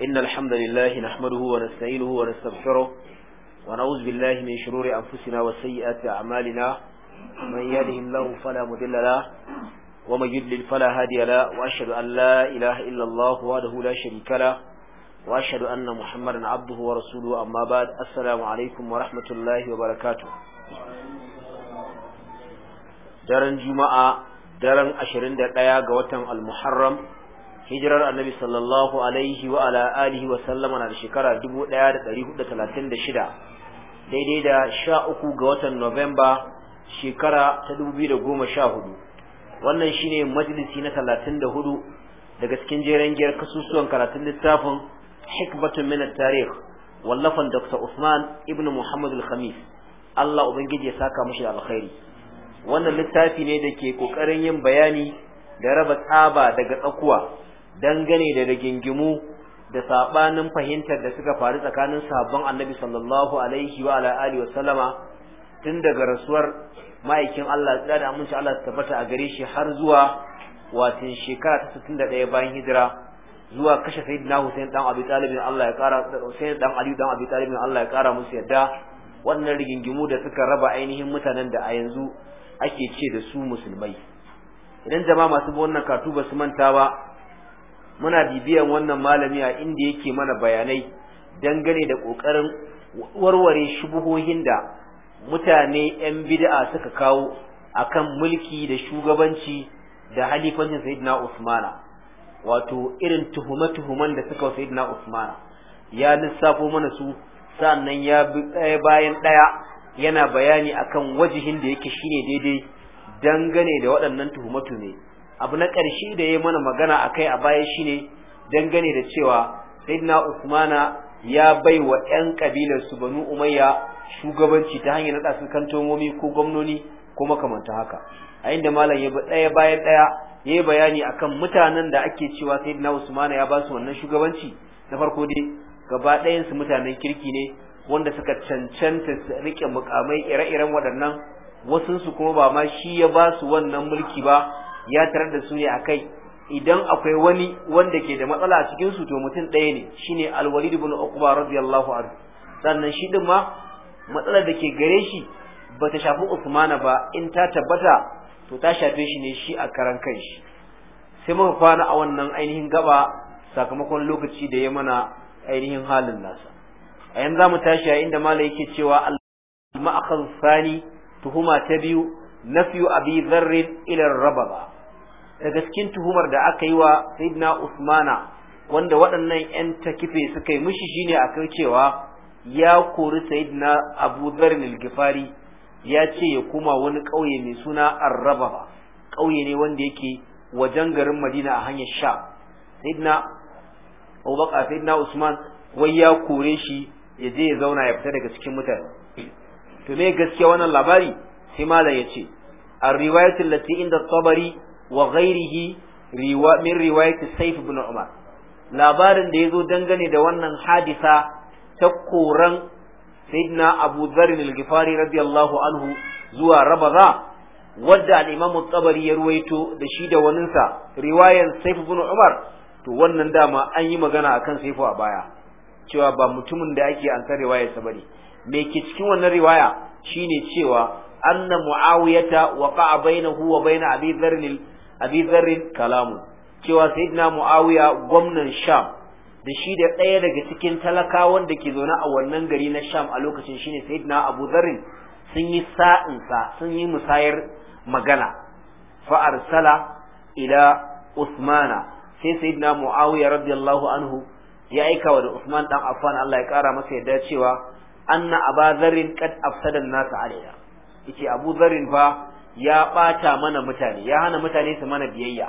إن الحمد لله نحمده ونستعينه ونستغفره ونعوذ بالله من شرور أنفسنا وسيئات أعمالنا من يهده الله فلا مضل له ومن يضلل فلا هادي له وأشهد أن لا إله إلا الله وحده لا شريك له وأشهد أن محمدا عبده ورسوله أما بعد السلام عليكم ورحمة الله وبركاته daren juma'a daren 21 ga watan al-muharram hijirar annabi sallallahu alaihi wa ala alihi wa sallama na da shekara 1436 daidai da 13 ga watan Novemba shekara ta 2014 wannan shine majalisi na 34 daga cikin jeren giyar kasusuwan karatun littafin hikmatun min at-tarikh wallafan Dr. Usman ibn Muhammad al-Khamis Allah ubangiji ya saka mashi alkhairi wannan littafi ne da ke kokarin yin bayani da raba tsaba daga tsakuwa dangane da rigingimu da sabanin fahimtar da suka faru tsakanin sahabban annabi sallallahu alaihi wa ala alihi wa sallama tun daga rasuwar ma'aikin Allah da da amince Allah ta tabbata a gare shi har zuwa wato shekara ta 61 bayan hijira zuwa kashe sayyidina Hussein dan Abi Talib Allah ya kara Hussein dan Ali dan Abi Talib Allah ya kara musu yadda wannan rigingimu da suka raba ainihin mutanen da a yanzu ake ce da su musulmai idan jama'a masu wannan katu ba su manta ba muna bibiyan wannan malami a inda yake mana bayanai dangane da kokarin warware shubuhohin da mutane yan bid'a suka kawo akan mulki da shugabanci da halifancin sayyidina Usmana wato irin tuhume-tuhumen da suka sayyidina Usmana ya lissafo mana su sannan ya bi ɗaya bayan ɗaya yana bayani akan wajihin da yake shine daidai dangane da waɗannan tuhume-tuhume abu na ƙarshe da ya mana magana a kai a baya shine dangane da cewa sayyidina usmana ya bai wa 'yan kabilar su banu umayya shugabanci ta hanyar naɗa su kan tomomi ko gwamnoni ko makamanta haka a inda malam ya ɗaya bayan ɗaya ya yi bayani akan mutanen da ake cewa sayyidina usmana ya ba su wannan shugabanci na farko dai gaba ɗayansu mutanen kirki ne wanda suka cancanta su riƙe mukamai ire-iren waɗannan wasunsu kuma ba ma shi ya ba su wannan mulki ba ya tarar da su ne a kai, idan akwai wani wanda ke da matsala a cikin su to mutum ɗaya ne shine al-walid ibn uqba radiyallahu anhu sannan shi din ma matsalar da ke gare shi ba ta shafi usmana ba in ta tabbata to ta shafe shi ne shi a karan shi. sai muka kwana a wannan ainihin gaba sakamakon lokaci da ya mana ainihin halin nasa a yanzu za mu tashi a inda mala yake cewa al-ma'akhadh thani tuhuma ta biyu nafyu abi dharrin ila rababa daga cikin tuhumar da aka yi wa sayyidina usmana wanda waɗannan 'yan takife suka yi mishi shine kan cewa ya kori sayyidina abu dharr gifari ya ce ya kuma wani ƙauye mai suna arraba ƙauye ne wanda yake wajen garin madina a hanyar sha sayyidina Bakar sayyidina usman wai ya kore shi ya je ya zauna ya fita daga cikin mutane to me gaskiya wannan labari sai malam ya ce الرواية التي عند الطبري wa ghairihi min riwayati Saif ibn Umar labarin da yazo dangane da wannan hadisa ta koran Sayyidina Abu Dharr al-Ghifari radiyallahu anhu zuwa Rabaza wadda al-Imam tabari ya ruwaito da shi da waninsa riwayan Saif ibn Umar to wannan dama an yi magana akan Saifu a baya cewa ba mutumin da ake an san riwayarsa bane me ke cikin wannan riwaya shine cewa anna muawiyata waqa'a bainahu wa bain abi dharr abi zarrin kalamu cewa sayyidina muawiya gwamnan sham da shi da ɗaya daga cikin talakawan da ke zaune a wannan gari na sham a lokacin shine sayyidina abu zarrin sun yi sa'in sa sun yi musayar magana fa arsala ila usmana sai sayyidina muawiya radiyallahu anhu ya aika wa da usman dan affan Allah ya kara masa yadda cewa anna aba zarrin qad afsada alayya yace abu zarrin fa ya ɓata mana mutane ya hana mutane su mana biyayya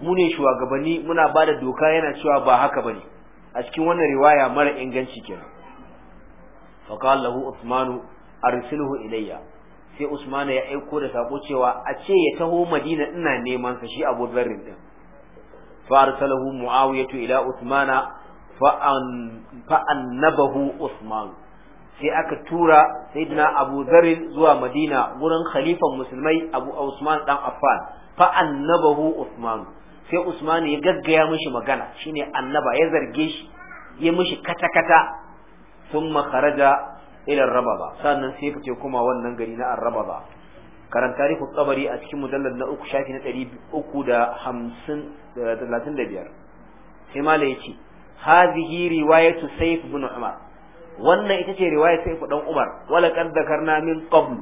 mu ne shugabanni muna bada doka yana cewa ba haka ba ne a cikin wannan riwaya mara inganci kenan qala lahu usmanu arsilhu ilayya sai usman ya aiko da sako cewa a ce ya taho madina ina neman sa shi abu zarrin din fa arsalahu muawiyatu ila usmana fa an fa annabahu usman sai aka tura sayyidina Abu Dharr zuwa Madina wurin khalifan musulmai Abu Usman dan Affan fa annabahu Usman sai Usman ya gaggaya mishi magana shine annaba ya zarge shi ya mishi kata kata thumma kharaja ila Rababa sannan sai fice kuma wannan gari na Rababa karan tarihu tsabari a cikin mujallad na uku shafi na ɗari uku da hamsin da talatin da biyar sai malai ya ce hazihi riwayatu saif bin umar wannan ita ce riwaya sai ku dan Umar wala kad dakarna min qabl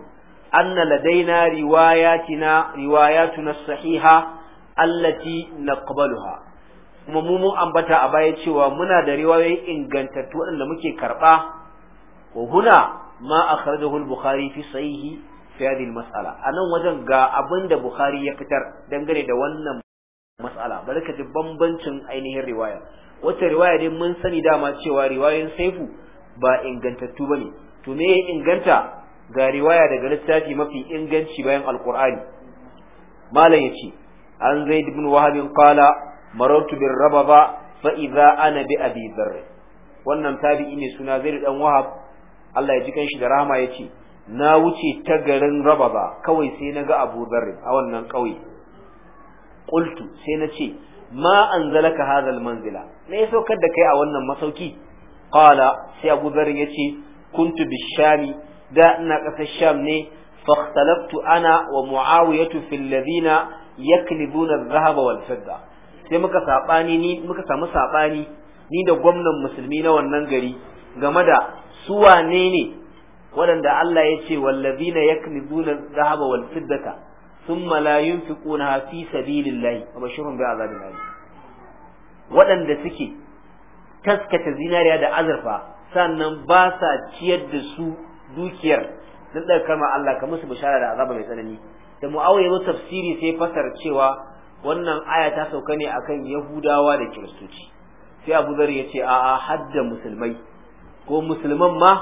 anna ladaina riwayatina riwayatuna sahiha allati naqbaluha kuma mu ambata a baya cewa muna da riwayoyi ingantattu waɗanda muke karɓa ko huna ma akhrajahu al-bukhari fi sahihi fi hadhihi al-mas'ala anan wajen ga abinda bukhari ya fitar dangane da wannan mas'ala barka ji bambancin ainihin riwaya wata riwaya dai mun sani dama cewa riwayoyin saifu ba ingantattu bane to me ya inganta ga riwaya daga littafi mafi inganci bayan alqur'ani malam yace an zaid ibn wahab qala marartu bir rababa fa idza ana bi abi dharr wannan tabi'i ne suna zaid dan wahab Allah ya ji kanshi da rahama yace na wuce ta garin rababa kawai sai naga abu dharr a wannan kauye qultu sai na ce ma anzalaka hadha manzila me yaso saukar da kai a wannan masauki qala sai Abu Dharr yace kuntu bishami da ina kasar Sham ne fakhtalaftu ana wa Muawiyatu fil ladina yaklibuna adh-dhahaba wal fidda sai muka sabani ni muka samu sabani ni da gwamnan musulmi na wannan gari game da su wane ne waɗanda Allah ya ce wallazina yaklibuna adh-dhahaba wal fiddata thumma la yunfiquna fi sabilillahi wa bashirhum bi'adhabin alim waɗanda suke taskata zinariya da azurfa sannan ba sa ciyar da su dukiyar dan da kama Allah ka musu bishara da azaba mai tsanani da muawiya ya tafsiri sai fasar cewa wannan aya ta sauka ne akan yahudawa da kiristoci sai abu zar ya ce a'a hadda musulmai ko musulman ma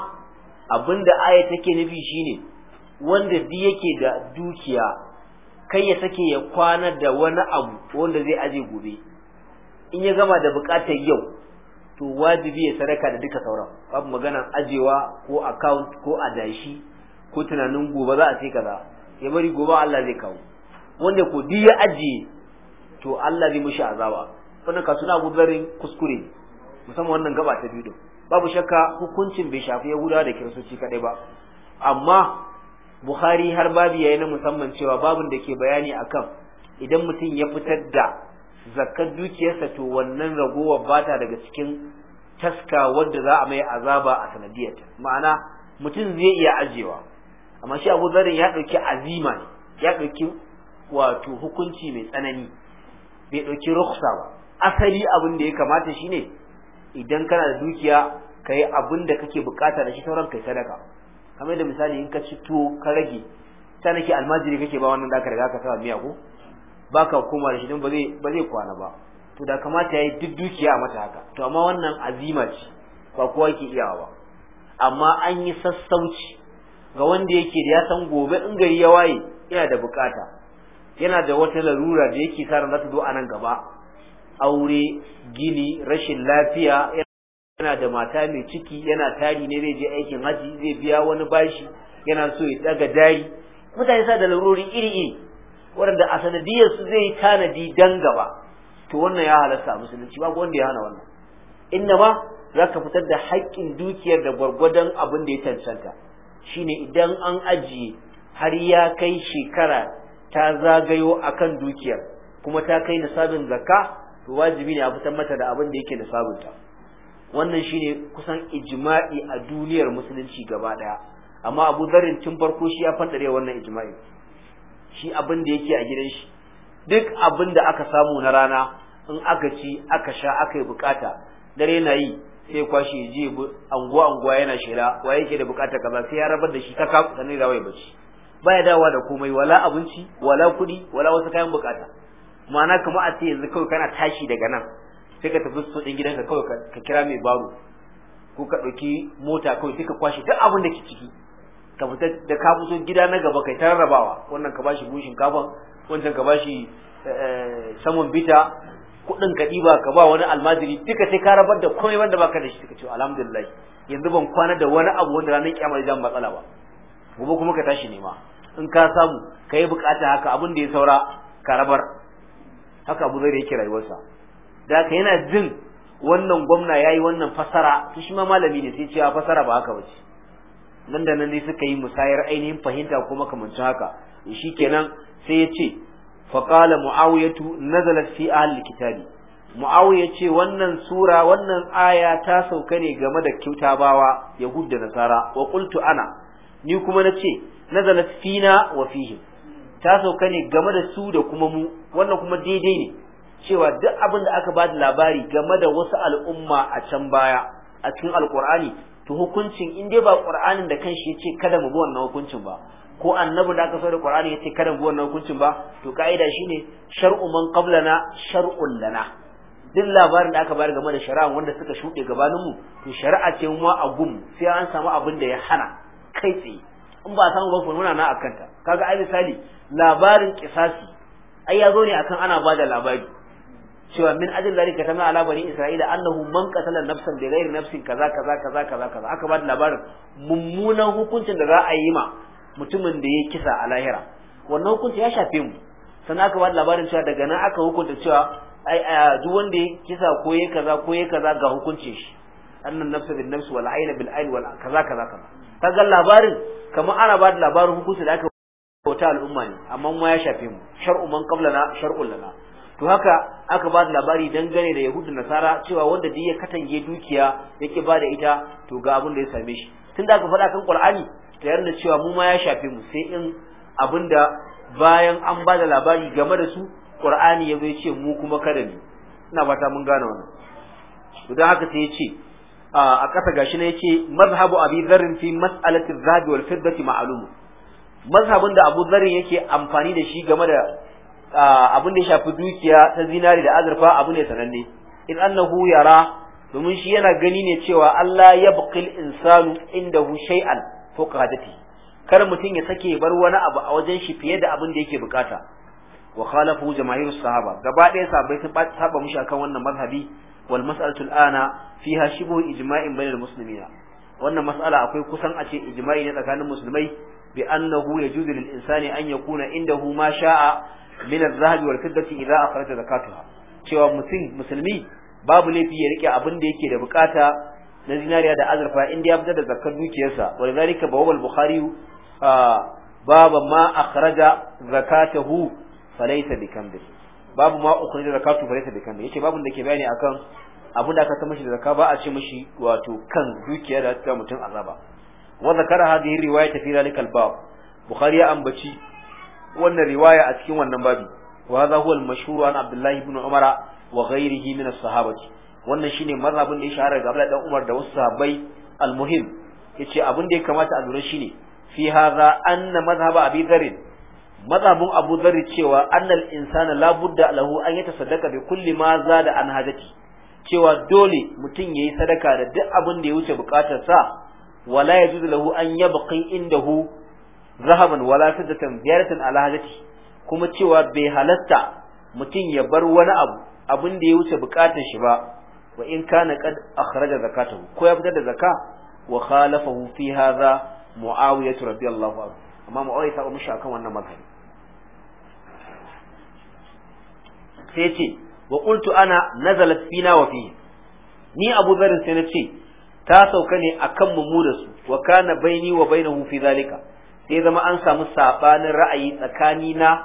abinda aya take nufi shine wanda bi yake da dukiya kai ya sake ya kwana da wani abu wanda zai aje gobe in ya gama da bukatar yau to wajibi ya sadaka da duka sauran babu magana ajewa ko account ko adashi ko tunanin gobe za a sai kaza ya bari gobe Allah zai kawo wanda ko duk ya ajiye to Allah zai mushi azaba wannan ka suna gudarin kuskure musamman wannan gaba ta biyu babu shakka hukuncin bai shafi Yahudawa da Kiristoci kadai ba amma buhari har babu yayi na musamman cewa babun da ke bayani akan idan mutum ya fitar da Zakar dukiyarsa to wannan ragowar bata daga cikin taska wadda za a mai azaba a sanadiyarta ma'ana mutum zai iya ajiyewa. amma shi abu zarin ya ɗauki azima ne ya ɗauki wato hukunci mai tsanani bai ɗauki ruksa ba asali abin da ya kamata shi ne idan kana da dukiya ka yi abin da kake bukata da shi sauran kai sadaka kamar da misali in ka ci tuwo ka rage ta almajiri kake ba wannan da ka riga ka sa miya ko baka koma da shi don ba zai kwana ba to da kamata ya yi duk dukiya mata haka to amma wannan azima ce ba kowa ke iyawa ba amma an yi sassauci ga wanda yake da ya san gobe in gari ya waye yana da bukata yana da wata larura da yake sa ran zo a nan gaba aure gini rashin lafiya yana da mata mai ciki yana tari ne zai je aikin haji zai biya wani bashi yana so ya daga dari mutane sa da larurori iri iri waɗanda a sanadiyar su zai yi tanadi dan gaba to wannan ya halasta a musulunci babu wanda ya hana wannan inna ma za ka fitar da haƙƙin dukiyar da gwargwadon abin da ya cancanta shine idan an ajiye har ya kai shekara ta zagayo akan dukiyar kuma ta kai nisabin zakka to wajibi ne a fitar mata da abin da yake nisabinta wannan shine kusan ijma'i a duniyar musulunci gaba daya amma abu zarrin tun farko shi ya fandare wannan ijma'i shi abin da yake a gidan shi duk abin da aka samu na rana in aka ci aka sha aka yi bukata dare na yi sai kwashe je anguwa anguwa yana shela wa yake da bukata kaza sai ya rabar da shi ta kafu sanin da wai bace baya dawa da komai wala abinci wala kuɗi wala wasu kayan bukata ma'ana kamar a ce yanzu kawai kana tashi daga nan sai ka tafi so din gidanka kawai ka kira mai baro ko ka ɗauki mota kawai sai ka kwashe duk abin da ke ciki ka fita da ka fito gida na gaba kai tarrabawa wannan ka bashi bushin kafan wancan ka bashi eh, saman bita kudin ka diba ka ba wani almajiri duka sai ka rabar da komai wanda baka da shi kace ce alhamdulillah yanzu ban kwana da wani abu wanda ranar kiyama zan matsala ba gobe kuma ka tashi nema in ka samu ka yi bukata haka abin da ya saura ka rabar haka abu zai yake rayuwarsa da ka yana jin wannan gwamna yayi wannan fasara to shi ma malami ne sai cewa fasara ba haka ba ce nan da nan ne suka yi musayar ainihin fahimta ko makamancin haka shikenan sai ya ce faƙala muawiyatu nazalat fi ahli kitabi muawiya ce wannan sura wannan aya ta sauka ne game da kyautabawa yahud da nasara wa qultu ana ni kuma na nace nazalat fina wa fihim ta sauka ne game da su da kuma mu wannan kuma daidai ne cewa duk abin da aka ba da labari game da wasu al'umma a can baya a cikin alkur'ani to hukuncin in dai ba qur'anin da kanshi yace kada mu bi wannan hukuncin ba ko annabi da aka so da qur'ani yace kada mu bi wannan hukuncin ba to ka'ida shine shar'u man qablana shar'un lana duk labarin da aka bayar game da shari'a wanda suka shuɗe gabanin mu to shari'a ce mu a gum sai an samu abin da ya hana kai tsaye in ba samu ba ku nuna na akanta kaga ai misali labarin kisasi ai ya zo ne akan ana bada labari cewa min ajin zalika tana ala bani isra'ila annahu man qatala nafsan bi ghairi nafsin kaza kaza kaza kaza kaza aka ba da labarin mummunan hukuncin da za a yi ma mutumin da ya kisa a lahira wannan hukunci ya shafe mu sannan aka ba da labarin cewa daga nan aka hukunta cewa duk wanda ya kisa ko ya kaza ko ya kaza ga hukuncin shi annan nafsa bin nafsi wal aina bil aini wal kaza kaza kaza kaga labarin kamar ana ba da labarin hukuncin da aka bauta al'umma ne amma mu ya shafe mu shar'u man qablana shar'u lana to haka aka ba da labari dangane da yahudu nasara cewa wanda dai ya katange dukiya yake ba da ita to ga abin da ya same shi tun da aka faɗa kan qur'ani ta yarda cewa mu ma ya shafe mu sai in abin da bayan an ba da labari game da su qur'ani ya zai ce mu kuma kada ne ina fata mun gane wannan to dan haka sai ya ce a ƙasa gashi ne yake mazhabu abi dharrin fi mas'alati zabi wal fiddati ma'lum mazhabin da abu dharrin yake amfani da shi game da abin da ya shafi dukiya ta zinari da azurfa abu ne sananne in annahu yara domin shi yana gani ne cewa Allah ya buƙil insanu inda hu shay'an ko hajati kar mutum ya sake bar wani abu a wajen shi fiye da abin da yake bukata wa khalafu jama'irus sahaba gaba ɗaya sahabbai sun saba mushi akan wannan mazhabi wal mas'alatu al'ana fiha shibu ijma'in bainal muslimina wannan mas'ala akwai kusan a ce ijma'i ne tsakanin musulmai bi annahu yajuzu lil insani an yakuna indahu ma sha'a min az-zahabi wal fiddati idza akhraja zakatuha cewa mutum musulmi babu laifi ya rike abin da yake da bukata na zinariya da azurfa in ya fitar da zakar dukiyarsa wal zalika bawal bukhari ah, babu ma akhraja zakatahu falaysa bikambil babu ma akhraja zakatu falaysa bikambil yace babun da ke bayani akan abin da aka san mishi da zakka ba a ce mishi wato kan dukiyar da ta mutum azaba wa zakara hadhihi riwayat fi zalikal bab bukhari ya ambaci wannan riwaya a cikin wannan babi wa hadha huwa al-mashhur an Abdullah ibn Umar wa ghayrihi min as-sahabati wannan shine mazhabin da ya shahara ga Abdullah dan Umar da wasu sahabbai al-muhim yace abin da ya kamata a lura shine fi hadha anna mazhab Abi Dharr mazhabun Abu Dharr cewa annal insana la budda lahu an yatasaddaqa bi kulli ma zada an hajati cewa dole mutum yayi sadaka da duk abin da ya wuce bukatarsa wala yajuzu lahu an yabqi indahu zahaban wala fiddatan ziyaratan ala hajati kuma cewa bai halatta mutum ya bar wani abu abin da ya wuce bukatar shi ba wa in kana qad akhraja zakatahu ko ya fitar da zakka wa khalafahu fi hadha muawiyah radiyallahu anhu amma muawiyah ta mushi akan wannan mazhabi sai ce wa qultu ana nazalat fina wa fi ni abu zarin sai na ce ta sauka ne akan mu mu da su wa kana baini wa bainahu fi zalika sai zama an samu sabanin ra'ayi tsakani na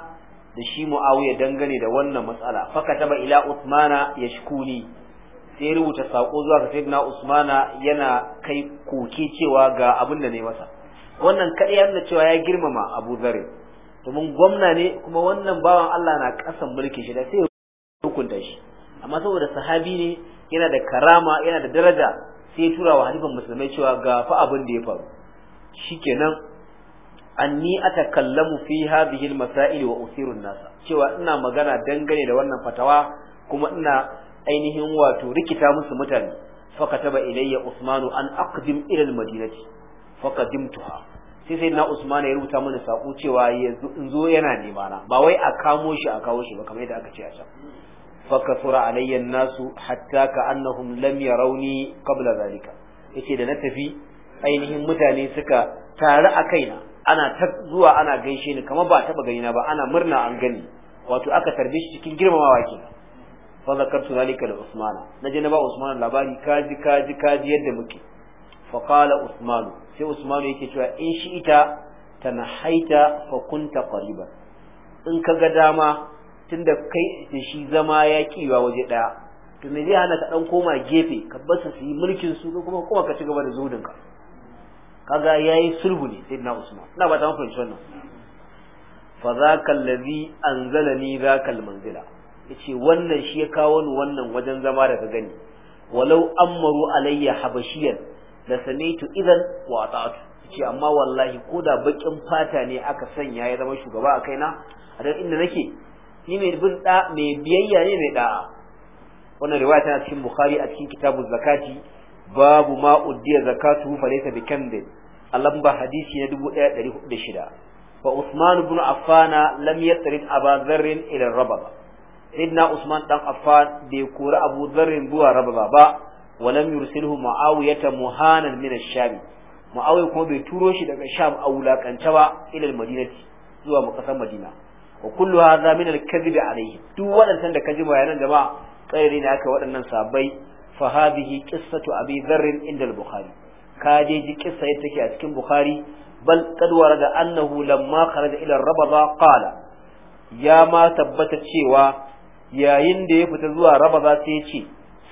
da shi Muawiya dangane da wannan matsala faka taba ila Uthmana yashkuni sai rubuta sako zuwa ga Sayyidina Usmana yana kai koke cewa ga abin da ne masa wannan kadai yana cewa ya girmama Abu Dharr domin gwamna ne kuma wannan bawan Allah na kasan mulki shi da sai hukunta shi amma saboda sahabi ne yana da karama yana da daraja sai ya tura wa halifan musulmai cewa ga fa abin da ya faru Shi shikenan anni kallamu fi hadhihi almasail wa usiru nasa cewa ina magana dangane da wannan fatawa kuma ina ainihin wato rikita musu mutane kataba ilayya usmanu an aqdim ila almadinati fa sai sai na usman ya rubuta mana sako cewa yanzu in zo yana nema na ba wai a kamo shi a kawo shi ba kamar yadda aka ce a can kasura alayya nasu hatta ka annahum lam yarawni qabla zalika yace da na tafi ainihin mutane suka tare a kaina ana ta zuwa ana gaishe ni kamar ba taba gani na ba ana murna an gani wato aka tarbe shi cikin girmamawa ke fa zakartu zalika da usmana naje na ba Usman labari kaji kaji kaji yadda muke fa qala usmanu sai usmanu yake cewa in shi ita haita fa kunta qariban in ka ga dama tunda kai da shi zama ya kiwa waje daya to me zai hana ka dan koma gefe ka basu su yi mulkin su ko kuma kuma ka ci gaba da zuhudin kaga yayi sulhu ne na usman ina ba ta mun fahimci wannan fa zaka allazi anzalani zaka almanzila yace wannan shi ya kawo ni wannan wajen zama da ka gani walau amaru alayya habashiyan la samitu idan wa ata'tu yace amma wallahi ko da bakin fata ne aka sanya ya zama shugaba a kaina a dan inda nake ni mai bin da mai biyayya ne mai da wannan riwaya tana cikin bukhari a cikin kitabu zakati babu ma uddiya zakatu fa laysa bi a lamba hadisi na 1406 fa Usman ibn Affan lam yatrif Aba Dharr ila Rababa Sayyidina Usman dan Affan bai kori Abu Dharr zuwa Rababa ba walam yursilhu Muawiyah muhanan min ash-Sham Muawiya kuma bai turo shi daga Sham a wulakance ba ila al-Madinati zuwa makasar Madina wa kullu hadha min al da alayhi duk waɗannan da kaji bayanan jama'a tsare ne waɗannan sabai fa hadhihi qissatu abi dharr inda al-bukhari ka je ji yadda take a cikin bukhari bal qad warada annahu lamma kharaja ila rabada qala ya ma tabbata cewa yayin da ya fita zuwa rabada sai ya ce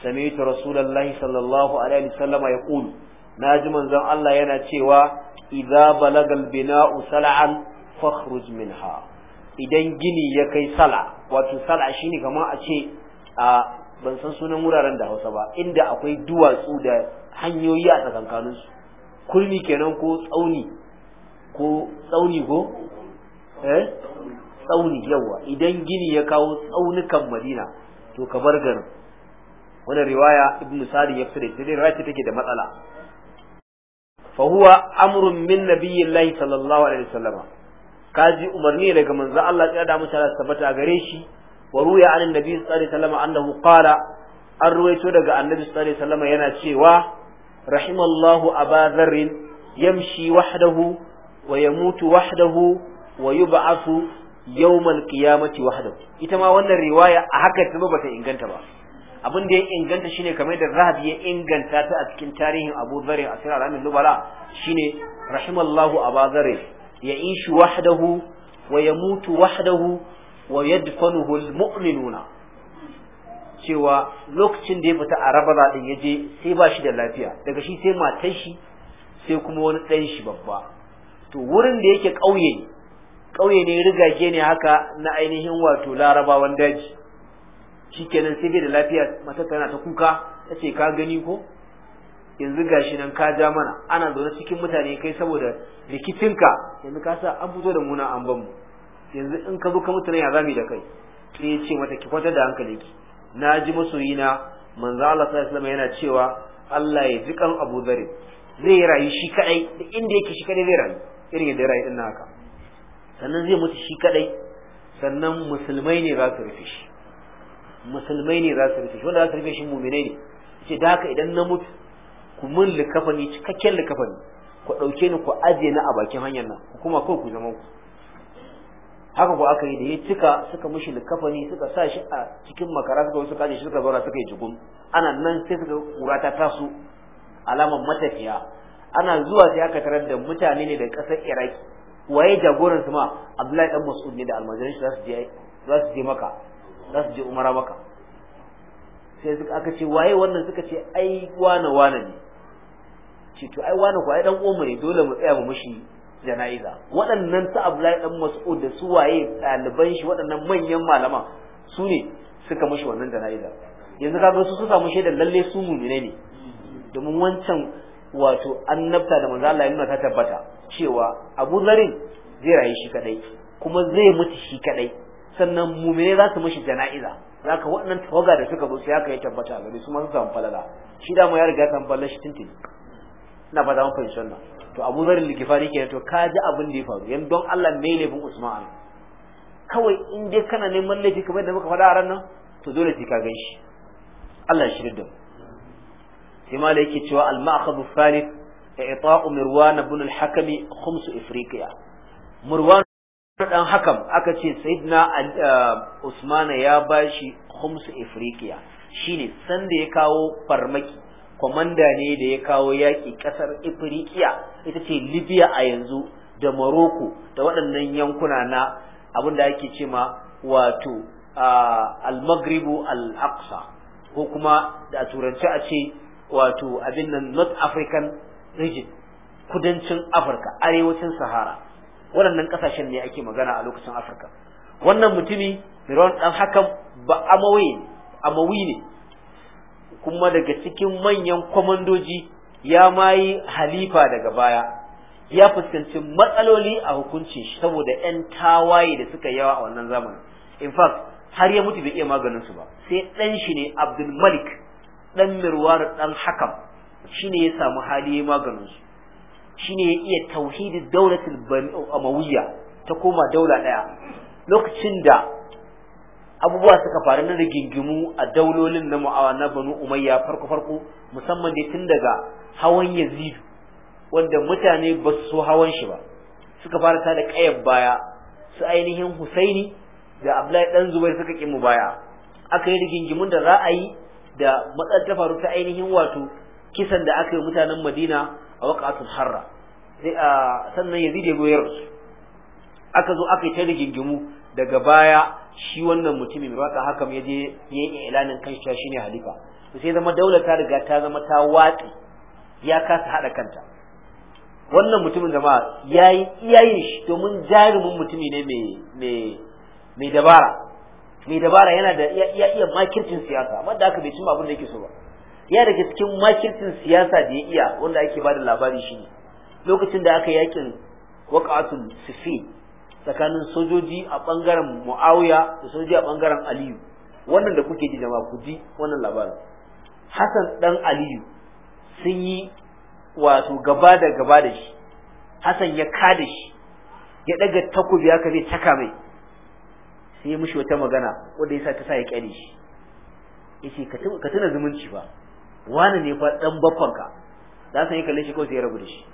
sami'tu rasulullahi sallallahu alaihi wasallama yaqulu naji manzon Allah yana cewa idza balagal bina'u sal'an fakhruj minha idan gini ya kai sala wato sala shine kamar a ce a ban san sunan wuraren da hausa ba inda akwai duwatsu da hanyoyi a tsakankaninsu kurmi kenan ko tsauni ko tsauni ko eh tsauni yawa idan gini ya kawo tsaunukan madina to ka bar garin wannan riwaya ibn sadi ya fitare da riwaya take da matsala fa huwa amrun min nabiyillahi sallallahu alaihi wasallam kaji umarni daga manzo Allah ya da mutala tabbata gare shi wa ruya an annabi sallallahu alaihi wasallam annahu qala an ruwaito daga annabi sallallahu alaihi wasallam yana cewa rahimallahu aba yamshi wahdahu wa yamutu wahdahu wa yub'athu yawmal qiyamati wahdahu ita ma wannan riwaya a haka ta bata inganta ba abin da ya inganta shine kamar da Zahabi ya inganta ta a cikin tarihin Abu Dharr a cikin Alamin Lubala shine rahimallahu Abu ya ishu wahdahu waya mutu wahdahu wa yadfanuhu almu'minuna cewa lokacin da ya fita a rabara din yaje sai ba shi da lafiya daga shi sai matan shi sai kuma wani ɗan shi babba to wurin da yake ƙauye ƙauye ne rigage ne haka na ainihin wato larabawan daji shikenan sai bai da lafiya matar tana ta kuka ta ce ka gani ko yanzu gashi nan ka ja mana ana zaune cikin mutane kai saboda rikicinka yanzu ka sa an fito da muna an ban mu yanzu in ka zo ka mutu ya zami da kai sai ya ce mata ki kwata da hankali ki. na ji masoyina manzo Allah sallallahu alaihi yana cewa Allah ya ji kan Abu Dharr zai rayu shi kadai da inda yake shi kadai zai rayu irin yadda rayu din haka sannan zai mutu shi kadai sannan musulmai ne za su rufe shi musulmai ne za su rufe shi wanda za su rufe shi mu'minai ne ce da haka idan na mutu ku mun likafani cikakken likafani ku dauke ni ku aje ni a bakin hanyar nan ku kuma ko ku zama ku haka ko aka yi da ya cika suka mushi likafani suka sa shi a cikin makara suka wasu kaji shi suka zauna suka yi jugum ana nan sai suka kura ta taso alaman matafiya ana zuwa sai aka tarar da mutane ne da ƙasar iraki waye jagoran su ma abdullahi dan mas'ud ne da almajirin shi za su je za su je maka za su je umara maka sai suka aka ce waye wannan suka ce ai wane wane ne ce to ai wane ko ai dan umare ne dole mu tsaya mu mushi jana'iza waɗannan ta Abdullahi dan Mas'ud da su waye ɗaliban shi waɗannan manyan malama su ne suka mushi wannan jana'iza yanzu ga su su samu shaidar lalle su mu'mine ne domin wancan wato annabta da manzo Allah ya nuna ta tabbata cewa Abu Zarin zai rayu shi kadai kuma zai mutu shi kadai sannan mu'mine za su mushi jana'iza zaka waɗannan tawaga da suka zo sai aka yi tabbata gari su ma su falala shi da mu ya riga kan falala shi tintin ina za mu fahimci wannan to Abu Dharr likifari ghifari kenan to ka ji abin da ya faru yan don Allah ne bin Usman kawai in dai kana neman laifi kamar da muka faɗa a ran nan to dole sai ka gan shi Allah shi da sai ma yake cewa al al thalith i'ta'u Mirwan ibn al hakim khums Afriqiya Mirwan dan Hakam aka ce Sayyidina uh, Usman ya bashi khums Afriqiya shine san da ya kawo farmaki komanda ne da ya kawo yaƙi ƙasar Ifriqiya ita ce libya a yanzu da morocco da waɗannan yankuna na abin da ake cema wato al-maghribu al-aqsa ko kuma da turanci turance a ce wato abin nan north african region kudancin afirka arewacin sahara waɗannan ƙasashen ne ake magana a lokacin afirka wannan mutumi Fir'aun dan hakan ba amawi amawi ne kuma daga cikin manyan kwamandoji ya mayi halifa daga baya ya fuskanci matsaloli a hukuncin shi saboda 'yan tawaye da suka yawa a wannan zamanin in fact har ya mutu bai iya maganin su ba sai ɗan shi ne abdul malik ɗan mirwar ɗan hakam shi ne ya samu hali ya maganin su shi ne ya iya tauhidi daulatul amawiyya ta koma daula daya lokacin da abubuwa suka faru na rigingimu a daulolin na mu'awana banu umayya farko farko musamman dai tun daga hawan yazidu wanda mutane ba su so hawan shi ba suka fara ta da baya su ainihin husaini da abdullahi dan zubair suka kimu baya aka yi rigingimun da ra'ayi da matsalar ta faru ta ainihin wato kisan da aka yi mutanen madina a waqatul harra sai a sannan yazid ya goyar su. aka zo aka yi ta rigingimu daga baya shi wannan mutumin raka hakan ya je ya yi ilanin kan shi shine halifa sai zama daular ta riga ta zama ta watsi ya kasa haɗa kanta wannan mutumin jama'a ya yi iyayen shi domin jarumin mutumi ne mai dabara mai dabara yana da ya iya makircin siyasa amma da aka bai cimma abin da yake so ba ya daga cikin makircin siyasa da ya iya wanda ake bada labari shi ne lokacin da aka yakin waƙatun sifi tsakanin sojoji a bangaren muawiya da sojoji a bangaren aliyu wannan da kuke ji jama'a ku ji wannan labarin hasan dan aliyu sun yi wato gaba da gaba da shi Hassan ya kada shi ya daga takobi haka zai taka mai sai ya mishi wata magana wanda yasa ta sa ya kyale shi yace ka tuna zumunci ba wani ne fa dan baffanka za san ya kalle shi kawai sai ya rabu da shi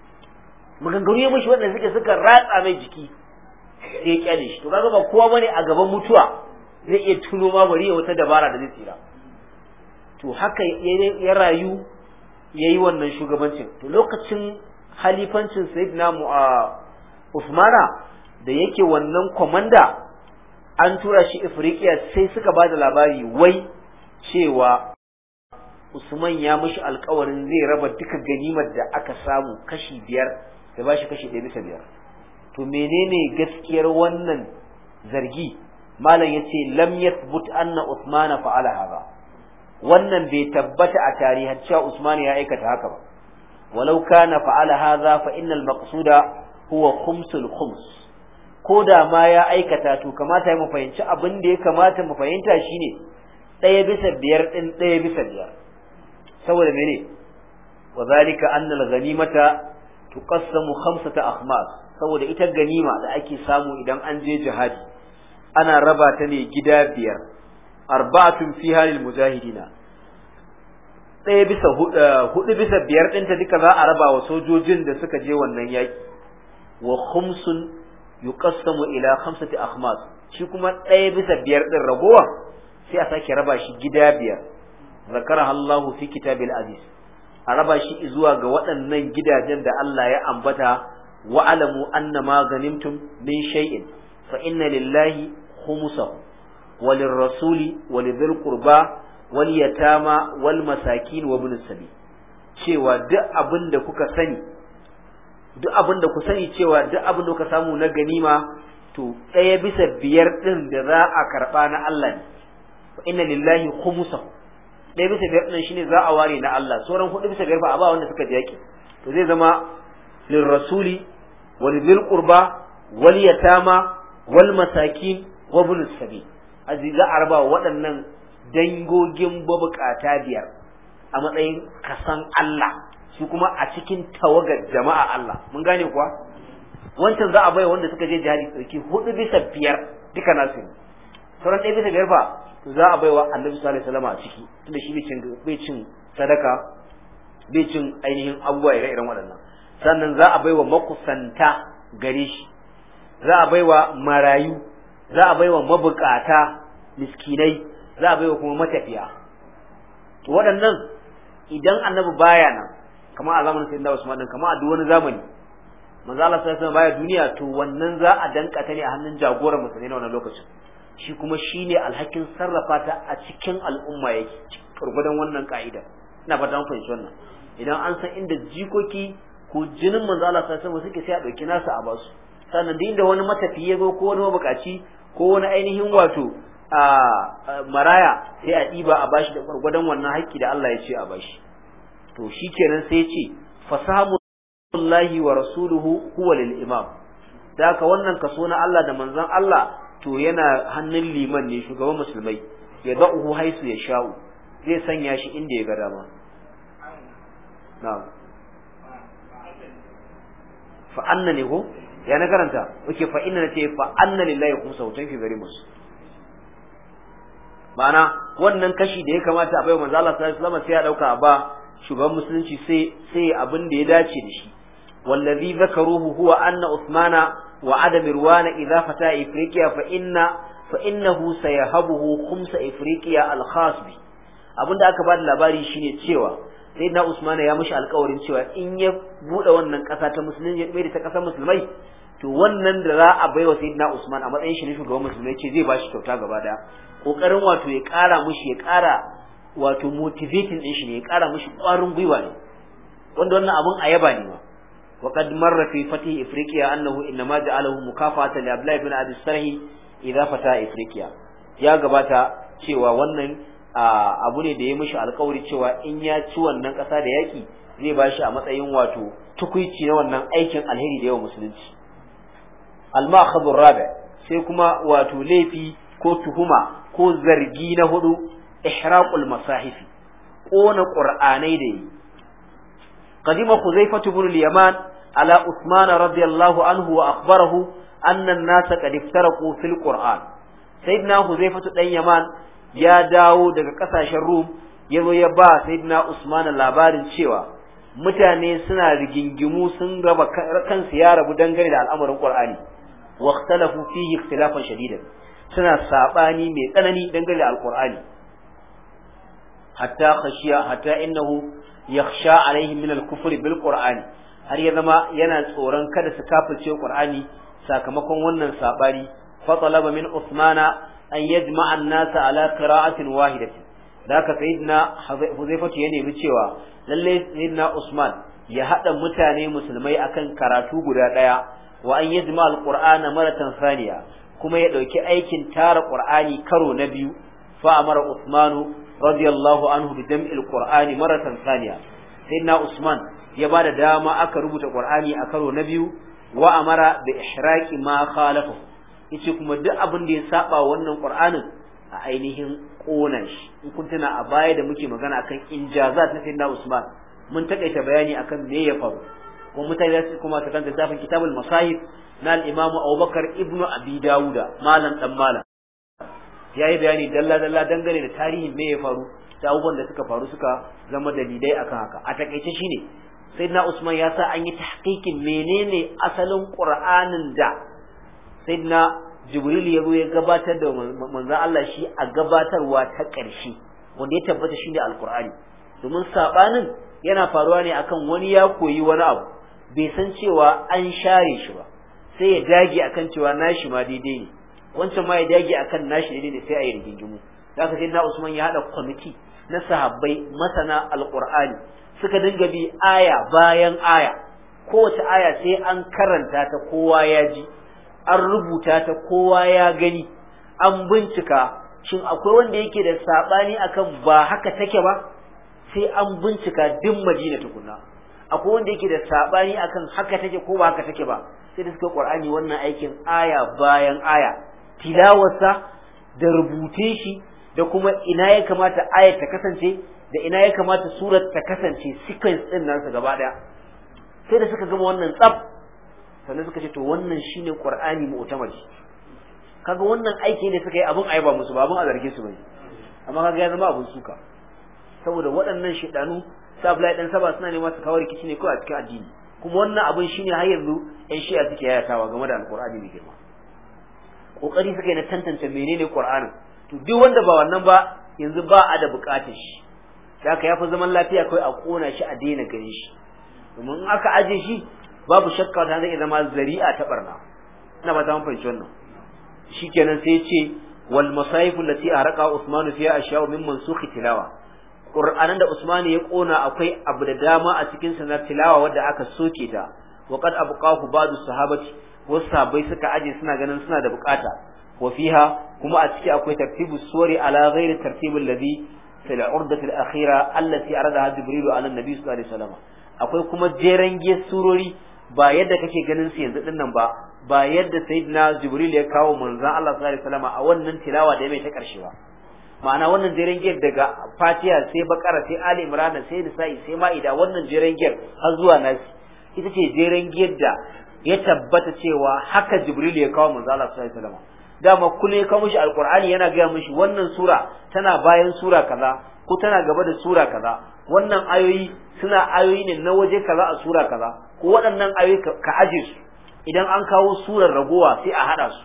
maganganu ya mishi wanda suke suka ratsa mai jiki sai ya kyale shi to kaga ba kowa bane a gaban mutuwa zai iya tuno ma bari ya wata dabara da zai tsira to haka ya rayu yayi wannan shugabancin to lokacin halifancin sayyidina mu a Usmana da yake wannan kwamanda an tura shi afirikiya sai suka ba da labari wai cewa Usman ya mishi alkawarin zai raba duka ganimar da aka samu kashi biyar da ba shi kashi ɗaya bisa biyar to menene gaskiyar wannan zargi malam yace lam yathbut anna Usmana fa'ala hadha wannan bai tabbata a tarihacce Usman ya aikata haka ba walau kana fa'ala hadha fa innal maqsuda huwa khumsul khums ko da ma ya aikata to kamata mu fahimci abin da ya kamata mu fahimta shine ɗaya bisa biyar ɗin ɗaya bisa biyar saboda mene wa zalika anna ganimata ghanimata tuqassamu khamsata akhmas saboda ita ganima da ake samu idan an je jihadi ana raba ta ne gida biyar arba'atun fi halil mujahidina ɗaya bisa hudu eh, bisa biyar ɗinta duka za a raba wa sojojin da suka je wannan yaƙi wa khumsun yuqassamu ila khamsati akhmas shi kuma ɗaya bisa biyar ɗin ragowa sai a sake raba shi gida biyar zakaraha Allah fi kitabil aziz a raba shi zuwa ga waɗannan gidajen da Allah ya ambata wa alamu anna ganimtum min shay'in fa inna lillahi khumsahu walin rasuli walin qurba wal yatama wal masakin wa ibn sabi cewa duk abin da kuka sani duk abin da ku sani cewa duk abin da kuka samu na ganima to ɗaya bisa biyar ɗin da za a karɓa na Allah ne fa inna lillahi khumsa ɗaya bisa biyar ɗin shine za a ware na Allah sauran hudu bisa biyar ba a ba wanda suka je to zai zama lil rasuli wal bil qurba wal yatama wal masakin wa ibn sabil aji za a raba waɗannan dangogin babuƙata biyar a matsayin kasan Allah su kuma a cikin tawagar jama'a Allah mun gane kuwa wancan za a bai wanda suka je jihadi Sarki hudu bisa biyar duka nasu ne sauran ɗaya bisa biyar fa za a bai wa annabi sallallahu alaihi wasallam a ciki tunda shi bai cin sadaka bai cin ainihin abubuwa ire-iren waɗannan sannan za a bai wa makusanta gare shi za a bai wa marayu za a bai wa mabukata miskinai za a baiwa kuma matafiya to waɗannan idan annabi baya nan kamar a zamanin sayyidina Usman din kamar a duk wani zamani manzo Allah sai sai baya duniya to wannan za a danka ta ne a hannun jagoran musulmi na wannan lokacin shi kuma shine alhakin sarrafa ta a cikin al'umma yake gurgudan wannan ka'ida ina fata mun fahimci wannan idan an san inda jikoki ko jinin manzo Allah sai sai suke sai a dauki nasu a basu sannan duk inda wani matafiye ko wani mabukaci ko wani ainihin wato a maraya sai a ɗiba a bashi da gwargwadon wannan haƙƙi da Allah ya ce a bashi to shi kenan sai ce fasahamullahi wa rasuluhu huwa lil imam da ka wannan kaso na Allah da manzon Allah to yana hannun liman ne shugaban musulmai ya uhu haisu ya sha'u zai sanya shi inda ya ga dama na'am fa anna ne ko ya na karanta okay fa inna ta fa anna lillahi kuma sautan fi gare musu ma'ana wannan kashi da ya kamata a baiwa manzo Allah sallallahu alaihi wasallam sai ya dauka ba shugaban musulunci sai sai abin da ya dace da shi wallazi zakaruhu huwa anna usmana wa adam ruwana idza fata ifriqiya fa inna fa innahu sayahabuhu khumsa ifriqiya al khas bi abinda aka bada labari shine cewa sayyidina usmana ya mishi alƙawarin cewa in ya bude wannan kasa ta musulunci ya ta ƙasar musulmai to wannan da za a baiwa sayyidina Usman a matsayin shi ne musulmai ce zai bashi kyauta gaba daya kokarin wato ya kara mushi ya kara wato motivating din shi ne ya kara mushi kwarin gwiwa ne wanda wannan abun a yaba ne ma وقد مر في فتح inna انه انما جعله مكافاه لعبد الله بن ابي السرح idha fata afriqiya ya gabata cewa wannan abu ne da ya mushi alkawari cewa in ya ci wannan kasa da yaki zai bashi a matsayin wato tukuici na wannan aikin alheri da yawa musulunci al rabi sai kuma wato laifi ko tuhuma ko zargi na hudu ihraqul masahifi kona qur'anai da yi qadima khuzaifah ibn al-yaman ala usman radiyallahu anhu wa akhbarahu anna an-nasa qad iftaraqu fil qur'an sayyidina khuzaifah dan yaman ya dawo daga kasashen rum yazo ya ba sayyidina usman labarin cewa mutane suna rigingimu sun raba kansu ya rabu dangane da al'amarin qur'ani wa ikhtalafu fihi ikhtilafan suna saɓani mai tsanani dangane da alqur'ani hatta khashiya hatta innahu yakhsha alaihim min al-kufri bil qur'ani har ya zama yana tsoron kada su kafirce ƙur'ani sakamakon wannan saɓani fa talaba usmana an yajma'a an-nasa ala qira'atin wahidatin daka sayyidina huzaifatu ya nemi cewa lalle sayyidina usman ya haɗa mutane musulmai akan karatu guda ɗaya. wa an yajma alqur'ana maratan thaniya kuma ya dauki aikin tara qur'ani karo na biyu fa amara usman radiyallahu anhu bi jam'i alqur'ani maratan thaniya sayyidina usman ya bada dama aka rubuta qur'ani a karo na biyu wa amara bi ihraqi ma khalafu yace kuma duk abin da ya saba wannan qur'anin a ainihin kona shi in kun tuna a baya da muke magana akan injazat na sayyidina usman mun takaita bayani akan me ya faru kuma mutane za su kuma su kanta zafin kitabul masahib na al-imamu Abubakar ibnu Abi Dawuda malam dan malam yayi bayani dalla dalla dangane da tarihin mai ya faru da abubuwan da suka faru suka zama dalilai akan haka a takaice shine sayyidina Usman ya sa an yi tahqiqin menene asalin Qur'anin da sayyidina Jibril ya zo ya gabatar da manzon Allah shi a gabatarwa ta ƙarshe wanda ya tabbata shine Al-Qur'ani domin sabanin yana faruwa ne akan wani ya koyi wani abu bai san cewa an share shi ba sai ya dage akan cewa nashi ma daidai ne wancan ma ya dage akan nashi daidai ne sai a yi rigingimu da aka sai na Usman ya haɗa kwamiti na sahabbai masana alƙur'ani suka dinga bi aya bayan aya kowace aya sai an karanta ta kowa ya ji an rubuta ta kowa ya gani an bincika shin akwai wanda yake da saɓani akan ba haka take ba sai an bincika duk madina tukuna akwai wanda yake da sabani akan haka take ko ba haka take ba sai da suka qur'ani wannan aikin aya bayan aya tilawarsa da rubute shi da kuma ina ya kamata ayar ta kasance da ina ya kamata surar ta kasance sequence din nasu gaba daya sai da suka gama wannan tsaf sannan suka ce to wannan shine qur'ani mu'tamar kaga wannan aiki ne suka yi abun ai ba musu ba abun a zarge su bane amma kaga ya zama abun suka saboda waɗannan shidanu sai Abdullahi dan Saba suna neman su kawo rikici ne ko a cikin addini kuma wannan abun shine har yanzu ƴan Shi'a suke yayatawa game da Alƙur'ani mai girma kokari suka na tantance menene qur'ani to duk wanda ba wannan ba yanzu ba a da buƙatar shi da ya yafi zaman lafiya kai a kona shi a daina ganin shi domin in aka aje shi babu shakka da zai zama zari'a ta barna ina ba ta mun fahimci wannan shikenan sai ya ce wal masahif lati araqa usman fiha ashya'u min mansukh tilawa Qur'anan da Usmani ya kona akwai abu da dama a cikin sa na tilawa wanda aka soke ta wa qad abqahu ba'du sahabati wasu sahabbai suka aje suna ganin suna da bukata wa fiha kuma a ciki akwai tartibu suwari ala ghairi tartibul ladhi fil urdati al akhira allati aradaha jibril ala nabi sallallahu alaihi wasallam akwai kuma jeran jeren surori ba yadda kake ganin su yanzu nan ba ba yadda sayyidina jibril ya kawo manzon Allah sallallahu alaihi wasallam a wannan tilawa da ya mai ta karshe ba ma'ana wannan jeren giyar daga Fatiya sai bakara sai ali imran sai nisa'i sai ma'ida wannan jeren giyar har zuwa nasi ita ce jeren giyar da ya tabbata cewa haka jibril ya kawo manzo Allah sallallahu alaihi wasallam dama kullum ya kawo mishi alqur'ani yana ga mishi wannan sura tana bayan sura kaza ko tana gaba da sura kaza wannan ayoyi suna ayoyi ne na waje kaza a sura kaza ko waɗannan ayoyi ka aje su idan an kawo surar ragowa sai a haɗa su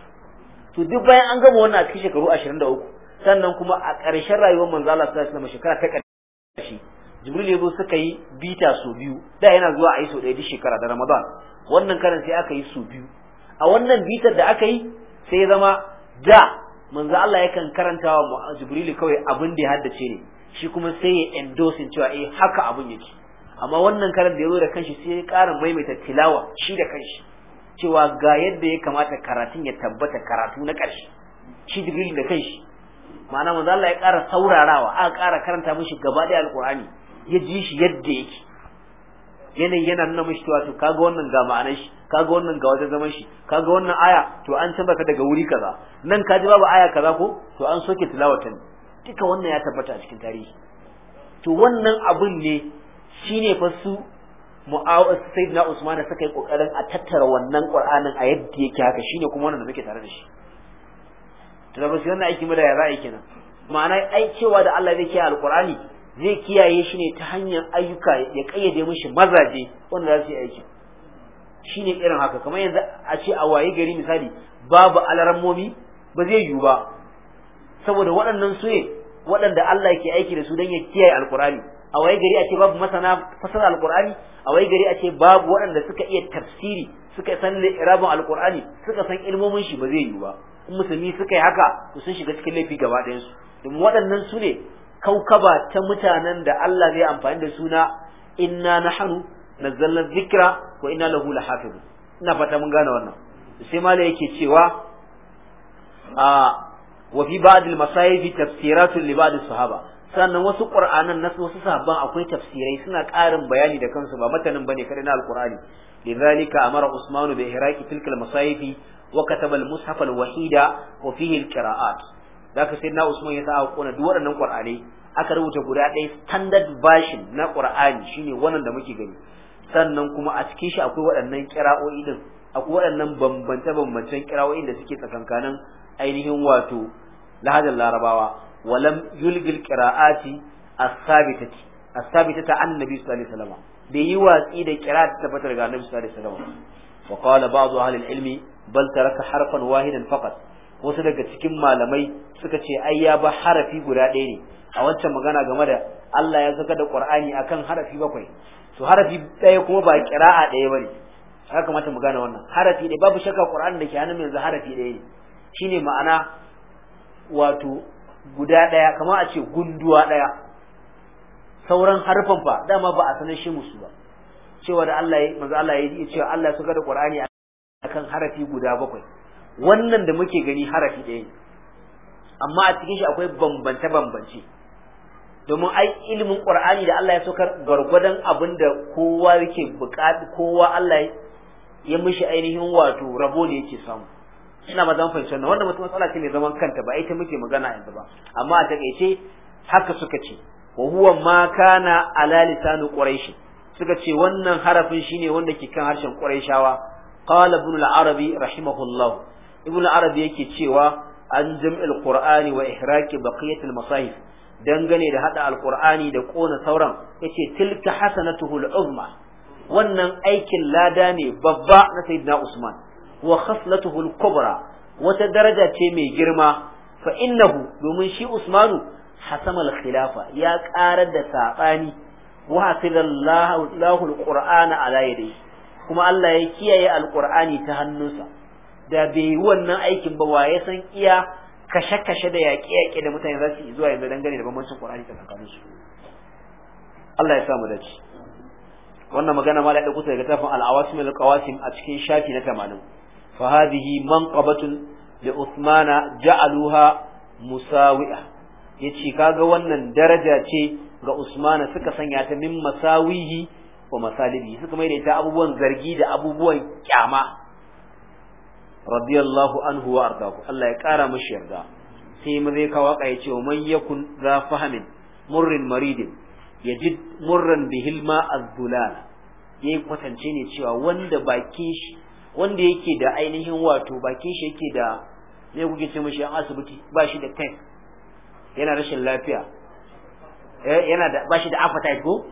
to duk bayan an gama wannan a cikin shekaru uku. sannan kuma a ƙarshen rayuwar manzo Allah sallallahu alaihi wasallam shekara ta ƙarshe Jibril ya zo suka yi bita so biyu da yana zuwa a yi so ɗaya duk shekara da Ramadan wannan karan sai aka yi so biyu a wannan bitar da aka yi sai ya zama da manzo Allah yakan karanta wa Jibril kawai abin da ya haddace ne shi kuma sai ya endorse cewa eh haka abin yake amma wannan karan da ya zo da kanshi sai ya ƙara maimaita tilawa shi da kanshi cewa ga yadda ya kamata karatun ya tabbata karatu na ƙarshe shi Jibril da kanshi ma'ana manzo Allah ya ƙara saurarawa aka ƙara karanta mishi gaba da alƙur'ani ya ji shi yadda yake yanayin yana nuna mishi cewa to kaga wannan ga ma'anar shi kaga wannan ga wajen zaman shi kaga wannan aya to an canza ka daga wuri kaza nan ka ji babu aya kaza ko to an soke tilawatan duka wannan ya tabbata a cikin tarihi to wannan abun ne shine fa su sayyidina Usman suka yi kokarin a tattara wannan Qur'anin a yadda yake haka shine kuma wannan da muke tare da shi to da basu wannan aiki ba da ya za kenan ma'ana ai cewa da Allah zai kiyaye alqur'ani zai kiyaye shi ne ta hanyar ayyuka ya kayyade mishi mazaje wanda za su yi aiki shine irin haka kamar yanzu a ce a waye gari misali babu alarammomi ba zai yiwu ba saboda waɗannan su ne waɗanda Allah ke aiki da su don ya kiyaye alkurani a waye gari a ce babu masana fasar alkurani a waye gari a ce babu waɗanda suka iya tafsiri suka san irabin alkurani suka san ilmomin shi ba zai yiwu ba musulmi suka yi haka to sun shiga cikin laifi gaba ɗayan su domin waɗannan su ne kaukaba ta mutanen da Allah zai amfani da suna inna nahnu nazzalna dhikra wa inna lahu lahafizun ina fata mun gane wannan sai mala yake cewa a wa fi ba'd al-masayib tafsiratun li ba'd sahaba sannan wasu qur'anan na wasu sahabban akwai tafsirai suna ƙarin bayani da kansu ba matanin bane kada na alqur'ani qurani lidhalika amara usmanu bi hiraki tilka wa kataba al-mushaf al-wahida wa fihi al-qira'at zaka sai na Usman ya sa kona duk waɗannan Qur'anai aka rubuta guda ɗaya standard bashin na Qur'ani shine wannan da muke gani sannan kuma a cikin shi akwai waɗannan kira'o'i din akwai waɗannan bambance-bambancen kira'o'in da suke tsakankanan ainihin wato lahadar larabawa walam yulgil qira'ati as-sabitati as-sabitata annabi sallallahu bai yi watsi da kira da tabbatar ga annabi sallallahu alaihi wasallam wa qala ba'du ahli al-ilmi bal taraka harfan wahidan faqat wasu daga cikin malamai suka ce ai ya ba harafi guda ɗaya ne a wancan magana game da Allah ya saka da Qur'ani akan harafi bakwai to harafi ɗaya kuma ba kira'a ɗaya bane ya kamata mu gane wannan harafi ɗaya babu shakka Qur'ani da ke hannun yanzu harafi ɗaya ne shine ma'ana wato guda ɗaya kamar a ce gunduwa ɗaya sauran harfan fa dama ba a sanar shi musu ba cewa da Allah ya manzo Allah ya ce Allah ya saka da Qur'ani akan harafi guda bakwai wannan da muke gani harafi ɗaya ne amma a cikin shi akwai bambance bambance domin ai ilimin Qur'ani da Allah ya saukar gargwadon abin da kowa yake buƙata, kowa Allah ya mishi ainihin wato rabo ne yake samu ina ba zan fahimci wannan wanda mutum matsala ce mai zaman kanta ba ita muke magana yanzu ba amma a takaice haka suka ce wa huwa ma kana ala lisanu suka ce wannan harafin shine wanda ke kan harshen quraishawa qala ibn al-arabi rahimahullah ibn al-arabi yake cewa an jam'il qur'ani wa ihraki baqiyat al-masahif dangane da hada al-qur'ani da kona sauran yace tilka hasanatuhu al-uzma wannan aikin lada ne babba na sayyidina usman wa khaslatuhu al-kubra wata daraja ce mai girma fa innahu domin shi usmanu hasama al-khilafa ya karar da sabani wa hafizallahu al-qur'ana kuma Allah ya kiyaye Alƙur'ani ta hannunsa da bai yi wannan aikin ba waye san iya kashe-kashe da yaƙe-yaƙe da mutane za su yi zuwa yanzu dangane da bambancin qur'ani tsakanin su Allah ya sa mu dace wannan magana ma da ya dauko daga tafin al-awasim a cikin shafi na 80 fa hadhihi manqabatun li Uthmana ja'aluha musawi'a ya yace kaga wannan daraja ce ga Usman suka sanya ta min masawihi wa masalibi suka mai da ita abubuwan zargi da abubuwan kyama radiyallahu anhu wa ardahu Allah ya kara mishi yarda sai mu zai kawo kai yace man yakun za fahamin murrin maridin yajid murran bihil ma azdulala yayi kwatance ne cewa wanda bakin shi wanda yake da ainihin wato bakin shi yake da ne kuke ce mishi an asibiti ba shi da tank yana rashin lafiya eh, yana da bashi da appetite ko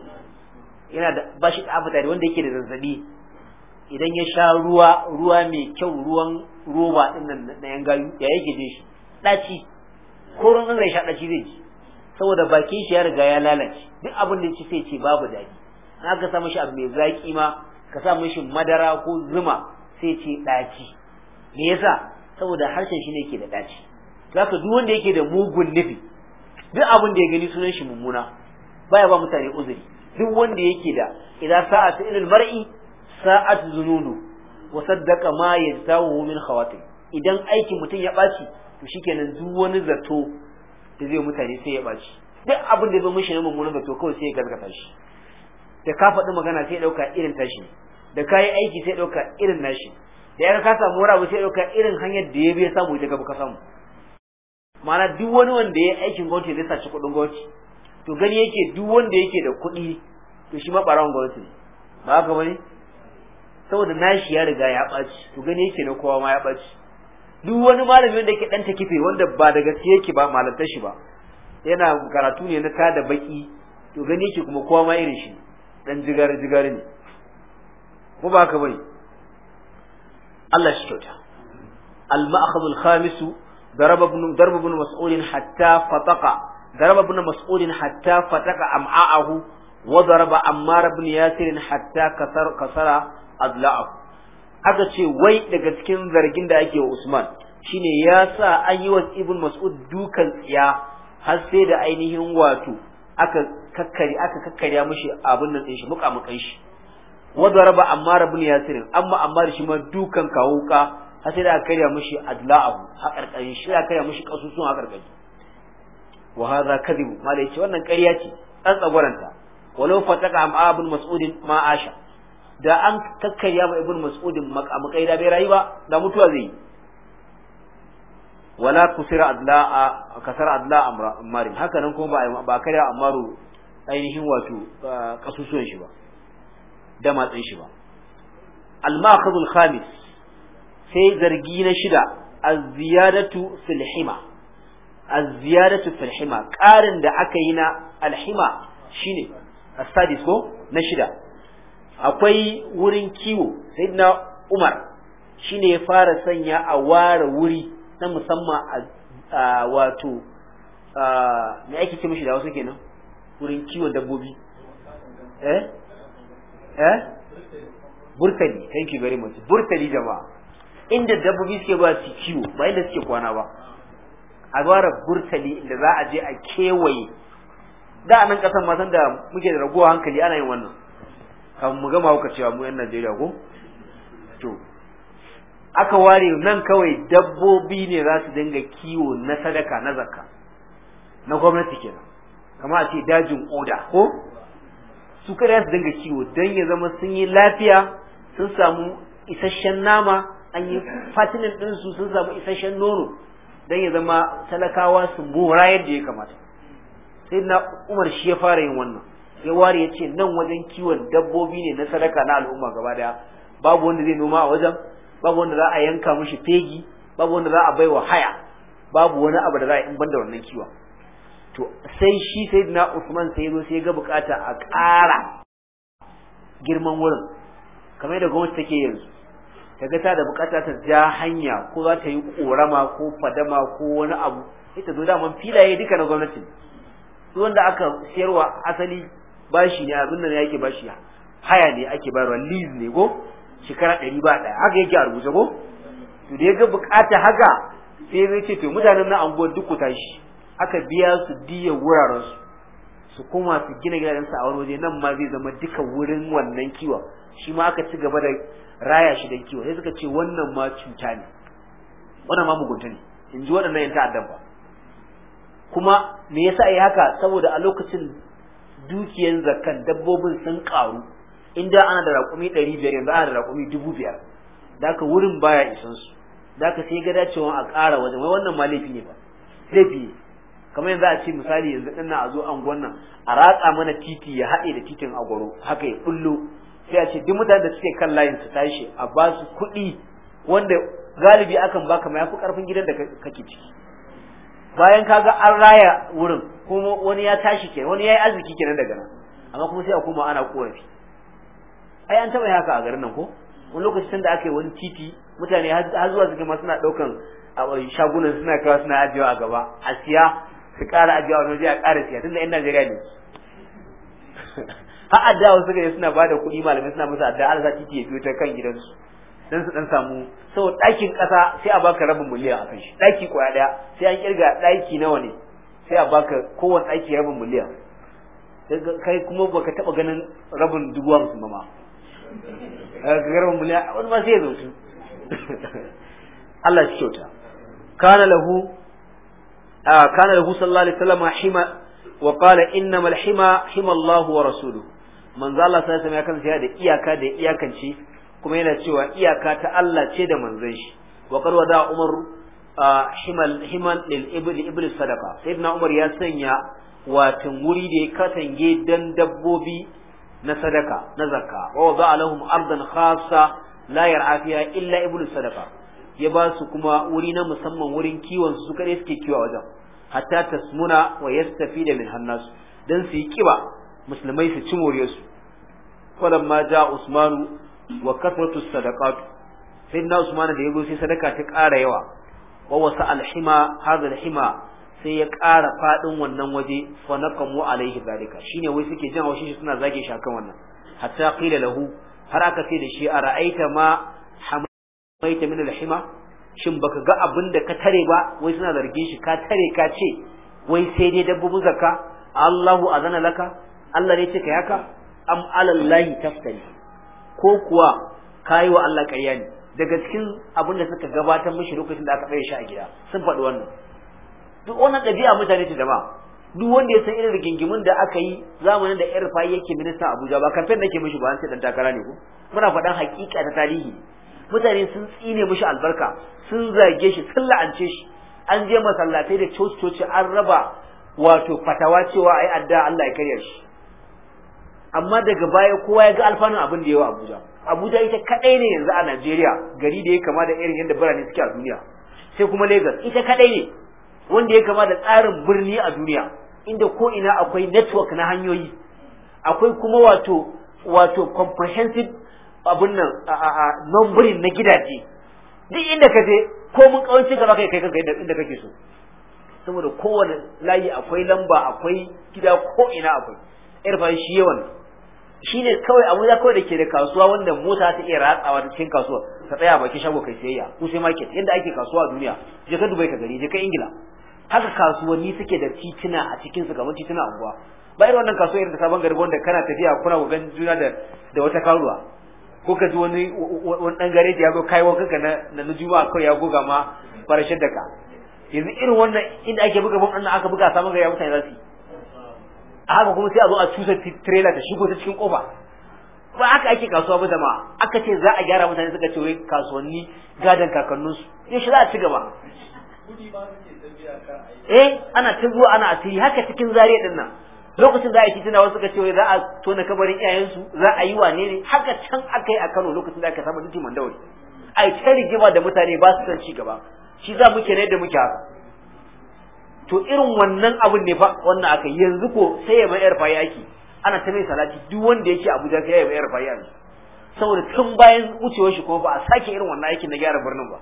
yana da bashi da appetite wanda yake da zazzabi idan ya sha ruwa ruwa mai kyau ruwan roba din nan na yan gayu ya yake je shi daci ko ruwan zai sha daci zai ji saboda bakin shi ya riga ya lalace duk abin da yake sai ce babu daɗi na aka sa mishi abu mai zaki ma ka sa mishi madara ko zuma sai ce daci me yasa saboda harshen shi ne ke da daci zaka duk wanda yake da mugun nufi duk abin da ya gani sunan shi mummuna baya ba mutane uzuri duk wanda yake da idan sa'at ilal mar'i sa'at zununu wa saddaqa ma yantahu min khawatim idan aikin mutum ya baci to shikenan duk wani zato da zai mutane sai ya baci duk abin da ya zo mishi na mummunan zato kawai sai ya gaskata shi da ka faɗi magana sai ya ɗauka irin tashi da ka yi aiki sai ya ɗauka irin nashi da ya ka samu wani abu sai ya ɗauka irin hanyar da ya bi ya samu ita gaba ka samu ma'ana duk wani wanda ya aikin gwamnati zai saci kuɗin gwamnati to gani yake duk wanda yake da kuɗi to shi ma ɓarawon gwamnati ne ba haka bane saboda nashi ya riga ya ɓaci to gani yake na kowa ma ya ɓaci duk wani malami wanda yake ɗanta kife wanda ba da gaske yake ba malantar shi ba yana karatu ne na da baki to gani yake kuma kowa ma irin shi dan jigari jigari ne ko ba haka bane Allah shi kyauta al-ma'khadh al-khamis ضرب ابن ضرب ابن مسعود حتى فتق ضرب ابن مسعود حتى فتق امعاءه وضرب عمار بن ياسر حتى كسر كسر اضلاعه aka ce wai daga cikin zargin da ake wa Usman shine ya sa an yi wa Ibn Mas'ud dukan tsiya har sai da ainihin wato aka kakkari aka kakkarya mishi abin nan din shi mukan shi wa daraba Ammar ibn Yasir amma Ammar shi ma dukan kawuka har sai da aka karya mushi adla'ahu haƙarƙari shi da aka karya kasusun ƙasusuwan haƙarƙari wa hadha ma mala yace wannan ƙarya ce dan tsagwaranta walau fataka am abun mas'udin ma asha da an kakkarya ma ibn mas'udin makamukai da bai rayu ba da mutuwa zai yi wala kusira adla'a kasara amra ammarin haka nan kuma ba ba karya amaru ainihin wato kasusun shi ba da matsayin shi ba al-ma'khadul khamis sai zargi na shida azziyadatu ziyadatu fil hima az fil hima ƙarin da aka yi na al-hima shine as-sadis ko na shida akwai wurin kiwo sayyidina Umar shine ya fara sanya a ware wuri na musamman a wato me ake ce mishi da wasu kenan wurin kiwon dabbobi eh eh burtali thank you very much burtali jama'a inda dabbobi suke ba su kiwo ba inda suke kwana ba a gwara burtali inda za a je a kewaye da nan kasan matan da muke da raguwa hankali ana yin wannan kamar mu gama hauka cewa mu yan Najeriya ko to aka ware nan kawai dabbobi ne za su dinga kiwo na sadaka na zakka na gwamnati kenan kamar a ce dajin oda ko su kada su dinga kiwo don ya zama sun yi lafiya sun samu isasshen nama an yi fatinin din su sun samu isasshen nono dan ya zama talakawa su mora yadda ya kamata sai na Umar shi ya fara yin wannan ya ware ya ce nan wajen kiwon dabbobi ne na sadaka na al'umma gaba daya babu wanda zai noma a wajen babu wanda za a yanka mushi fegi babu wanda za a baiwa haya babu wani abu da za a in da wannan kiwon to sai shi sai na Usman sai zo sai ga bukata a ƙara girman wurin kamar yadda gwamnati take yanzu kaga ta da bukata ta ja hanya ko za ta yi korama ko fadama ko wani abu ita zo mun filaye duka na gwamnati su wanda aka siyarwa asali bashi ne abin nan yake bashi haya ne ake bayarwa liz ne go shekara ɗari ba ɗaya haka yake a rubuce go to da ya ga bukata haka sai zai ce to mutanen na anguwar duk ku tashi aka biya su diya wuraren su su koma su gina gidajensu a wani waje nan ma zai zama duka wurin wannan kiwon shi ma aka ci gaba da raya shi dan kiwo sai suka ce wannan ma cuta ne wannan ma mugunta ne in ji waɗannan yan ta'addan ba kuma me yasa yi haka saboda a lokacin dukiyan zakkan dabbobin sun karu inda ana da raƙumi ɗari biyar yanzu ana da raƙumi dubu biyar da ka wurin baya isan su da ka sai ga dacewa a ƙara wajen wai wannan ma laifi ne ba laifi ne kamar yanzu a ce misali yanzu ɗin na a zo an gwannan a ratsa mana titi ya haɗe da titin agwaro haka ya ɓullo sai a ce duk mutane da suke kan layin su tashi a ba su kuɗi wanda galibi akan baka ma yafi karfin gidan da kake ciki bayan kaga an raya wurin kuma wani ya tashi kenan wani yayi arziki kenan daga nan amma kuma sai a koma ana korafi ai an taba haka a garin nan ko wani lokacin da aka yi wani titi mutane har zuwa suke ma suna daukan shagunan suna kawo suna ajiyewa a gaba a siya su ƙara ajiyewa wani waje a ƙara siya tunda yan Najeriya ne har adda wasu gari suna bada kuɗi malamai suna masa adda Allah zaki ke biyo ta kan gidansu dan su dan samu saboda ɗakin ƙasa sai a baka rabin miliyan a kan shi ɗaki kwaya ɗaya sai an kirga ɗaki nawa ne sai a baka kowane ɗaki rabin miliyan kai kuma baka taɓa ganin rabin dubu hamsin ba ma rabin miliyan wani ma sai ya zautu Allah shi kyauta kana lahu ah, kana lahu sallallahu alaihi wasallam hima wa qala innamal hima hima Allah wa rasuluhu manzo Allah sallallahu alaihi wasallam ya da iyaka da iyakanci kuma yana cewa iyaka ta Allah ce da manzon shi wa qad wada umar himal himal lil ibli ibli sadaqa sayyidina umar ya sanya watan wuri da ya katange dan dabbobi na sadaka na zakka wa wada lahum ardan khassa la yar'a fiha illa ibli sadaqa ya ba su kuma wuri na musamman wurin kiwon su kare suke kiwo a wajen hatta tasmuna wa yastafida min hannasu dan su yi kiba musulmai su ci more su ma ja usmanu wa kasratu sadaqat sai na usman da yazo sai sadaka ta ƙara yawa wa wasa alhima hadha alhima sai ya ƙara fadin wannan waje fa nakamu alaihi zalika shine wai suke jin haushin shi suna zage shi akan wannan hatta qila lahu har aka ce da shi a ra'aita ma hamaita min alhima shin baka ga abin da ka tare ba wai suna zargin shi ka tare ka ce wai sai dai dabbobin zakka Allahu azana laka Allah ne ce kai haka am alallahi taftali ko kuwa kai wa Allah ƙarya ne daga cikin abin da suka gabatar mishi lokacin da aka tsaye shi a gida sun faɗi wannan duk wannan ɗabi'a mutane ce jama'a duk wanda ya san irin rigingimun da aka yi zamanin da irfa yake minista Abuja ba kamfen nake mishi ba an ce dan takara ne ko muna faɗan haƙiƙa ta tarihi mutane sun tsine mishi albarka sun zage shi sun la'ance shi an je masallatai da coci-coci an raba wato fatawa cewa a yi adda Allah ya karya shi amma daga baya kowa ya ga alfanun abin da yawa Abuja Abuja ita kadai ne yanzu a Najeriya gari da ya kama da irin yadda birane suke a duniya sai kuma Lagos ita kadai ne wanda ya kama da tsarin birni a duniya inda ko ina akwai network na hanyoyi akwai kuma wato wato comprehensive abun nan numbering na gidaje duk inda ka je ko mun kawance ka kai kai kanka inda kake so saboda kowane layi akwai lamba akwai gida ko ina akwai irfan shi yawan shine kawai abuja kawai da ke da kasuwa wanda mota ta iya ratsawa cikin kasuwa ta tsaya bakin shago kai sayayya ku sai market yadda ake kasuwa a duniya je ka dubai ka gari je ka ingila haka kasuwanni suke da titina a cikin su kamar titina anguwa. ba irin wannan kasuwa irin ta sabon gari wanda kana tafiya kuna gogan juna da da wata karuwa ko ka ji wani wani dan gareji ya zo kai wanka ka na na juma'a ko ya goga ma farashin da ka yanzu irin wannan inda ake buga bin annan aka buga saman gari ya mutane za su yi a haka kuma sai a zo a cusa trailer da shigo ta cikin kofa ba aka ake kasuwa ba jama'a aka ce za a gyara mutane suka ce wai kasuwanni gadan kakanninsu Ya shi za a ci gaba eh ana ta zuwa ana asiri haka cikin zariya din nan lokacin za a yi wasu suka ce wai za a tona kabarin iyayensu za a yi wane ne haka can aka yi a Kano lokacin da aka samu titi mandawari ai ta da mutane ba su san ci gaba shi za muke ne da muke haka to irin wannan abin ne fa wannan aka yanzu ko sai ya 'yar fayi ake ana ta mai salati duk wanda yake Abuja sai ya 'yar fayi yanzu saboda tun bayan wucewar shi kuma ba a sake irin wannan aikin na gyara birnin ba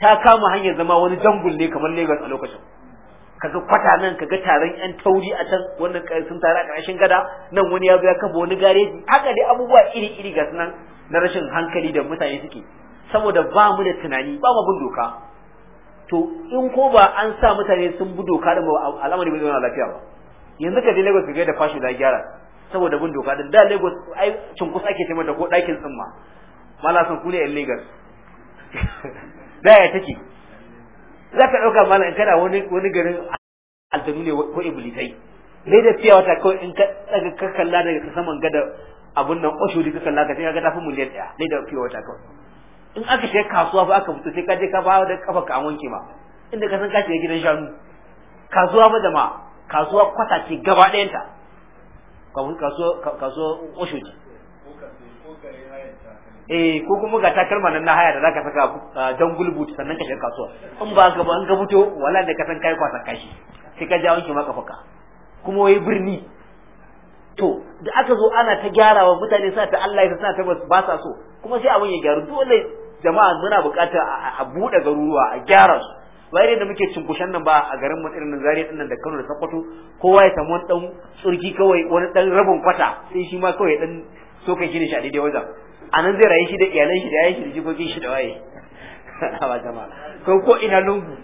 ta kama hanyar zama wani jangul ne kamar Lagos a lokacin kaga kwata nan kaga taron yan tauri a can wannan kai sun tare a ƙarshen gada nan wani ya zo ya kafa wani gareji haka dai abubuwa iri iri ga sunan na rashin hankali da mutane suke saboda ba mu da tunani ba mu bin doka to in ko ba an sa mutane sun bi doka din ba al'amari bai zauna lafiya ba yanzu ka je Lagos ka ga da fashi da gyara saboda bin doka din da Lagos ai cinkus ake ce mata ko ɗakin tsimma mala san ku in Lagos da ya take za ka ɗauka mala in kada wani wani garin aljanu ne ko iblisai ne da fiya wata ko in ka ka kalla daga saman gada abun nan osho duka ka kalla ka sai ka ga tafi miliyan ɗaya ne da fiya wata kawai in aka shiga kasuwa ba aka fito sai ka je ka ba da kafa ka an wanke ma inda ka san ka shiga gidan shanu kasuwa da ma kasuwa kwata ce gaba ɗayanta kasuwa kasuwa osho ce eh ko kuma ga takalma nan na haya da zaka saka dan gulbut sannan ka shiga kasuwa in ba ka ba an ga fito wala da ka san kai kwasan kashi sai ka ja wanke maka faka kuma wai birni to da aka zo ana ta gyarawa mutane sa ta Allah ya sa ta ba sa so kuma sai abun ya gyaru dole jama'a muna buƙatar a buɗe garuruwa a gyara su ba da muke cinkushen nan ba a garin mu irin Zaria din nan da Kano da Sokoto kowa ya samu dan tsurki kawai wani dan rabin kwata sai shi ma kawai dan so shi ne shi a daidai wajen a nan zai rayu shi da iyalan shi da yayin shi da jikokin shi da waye ba jama'a ko ko ina lungu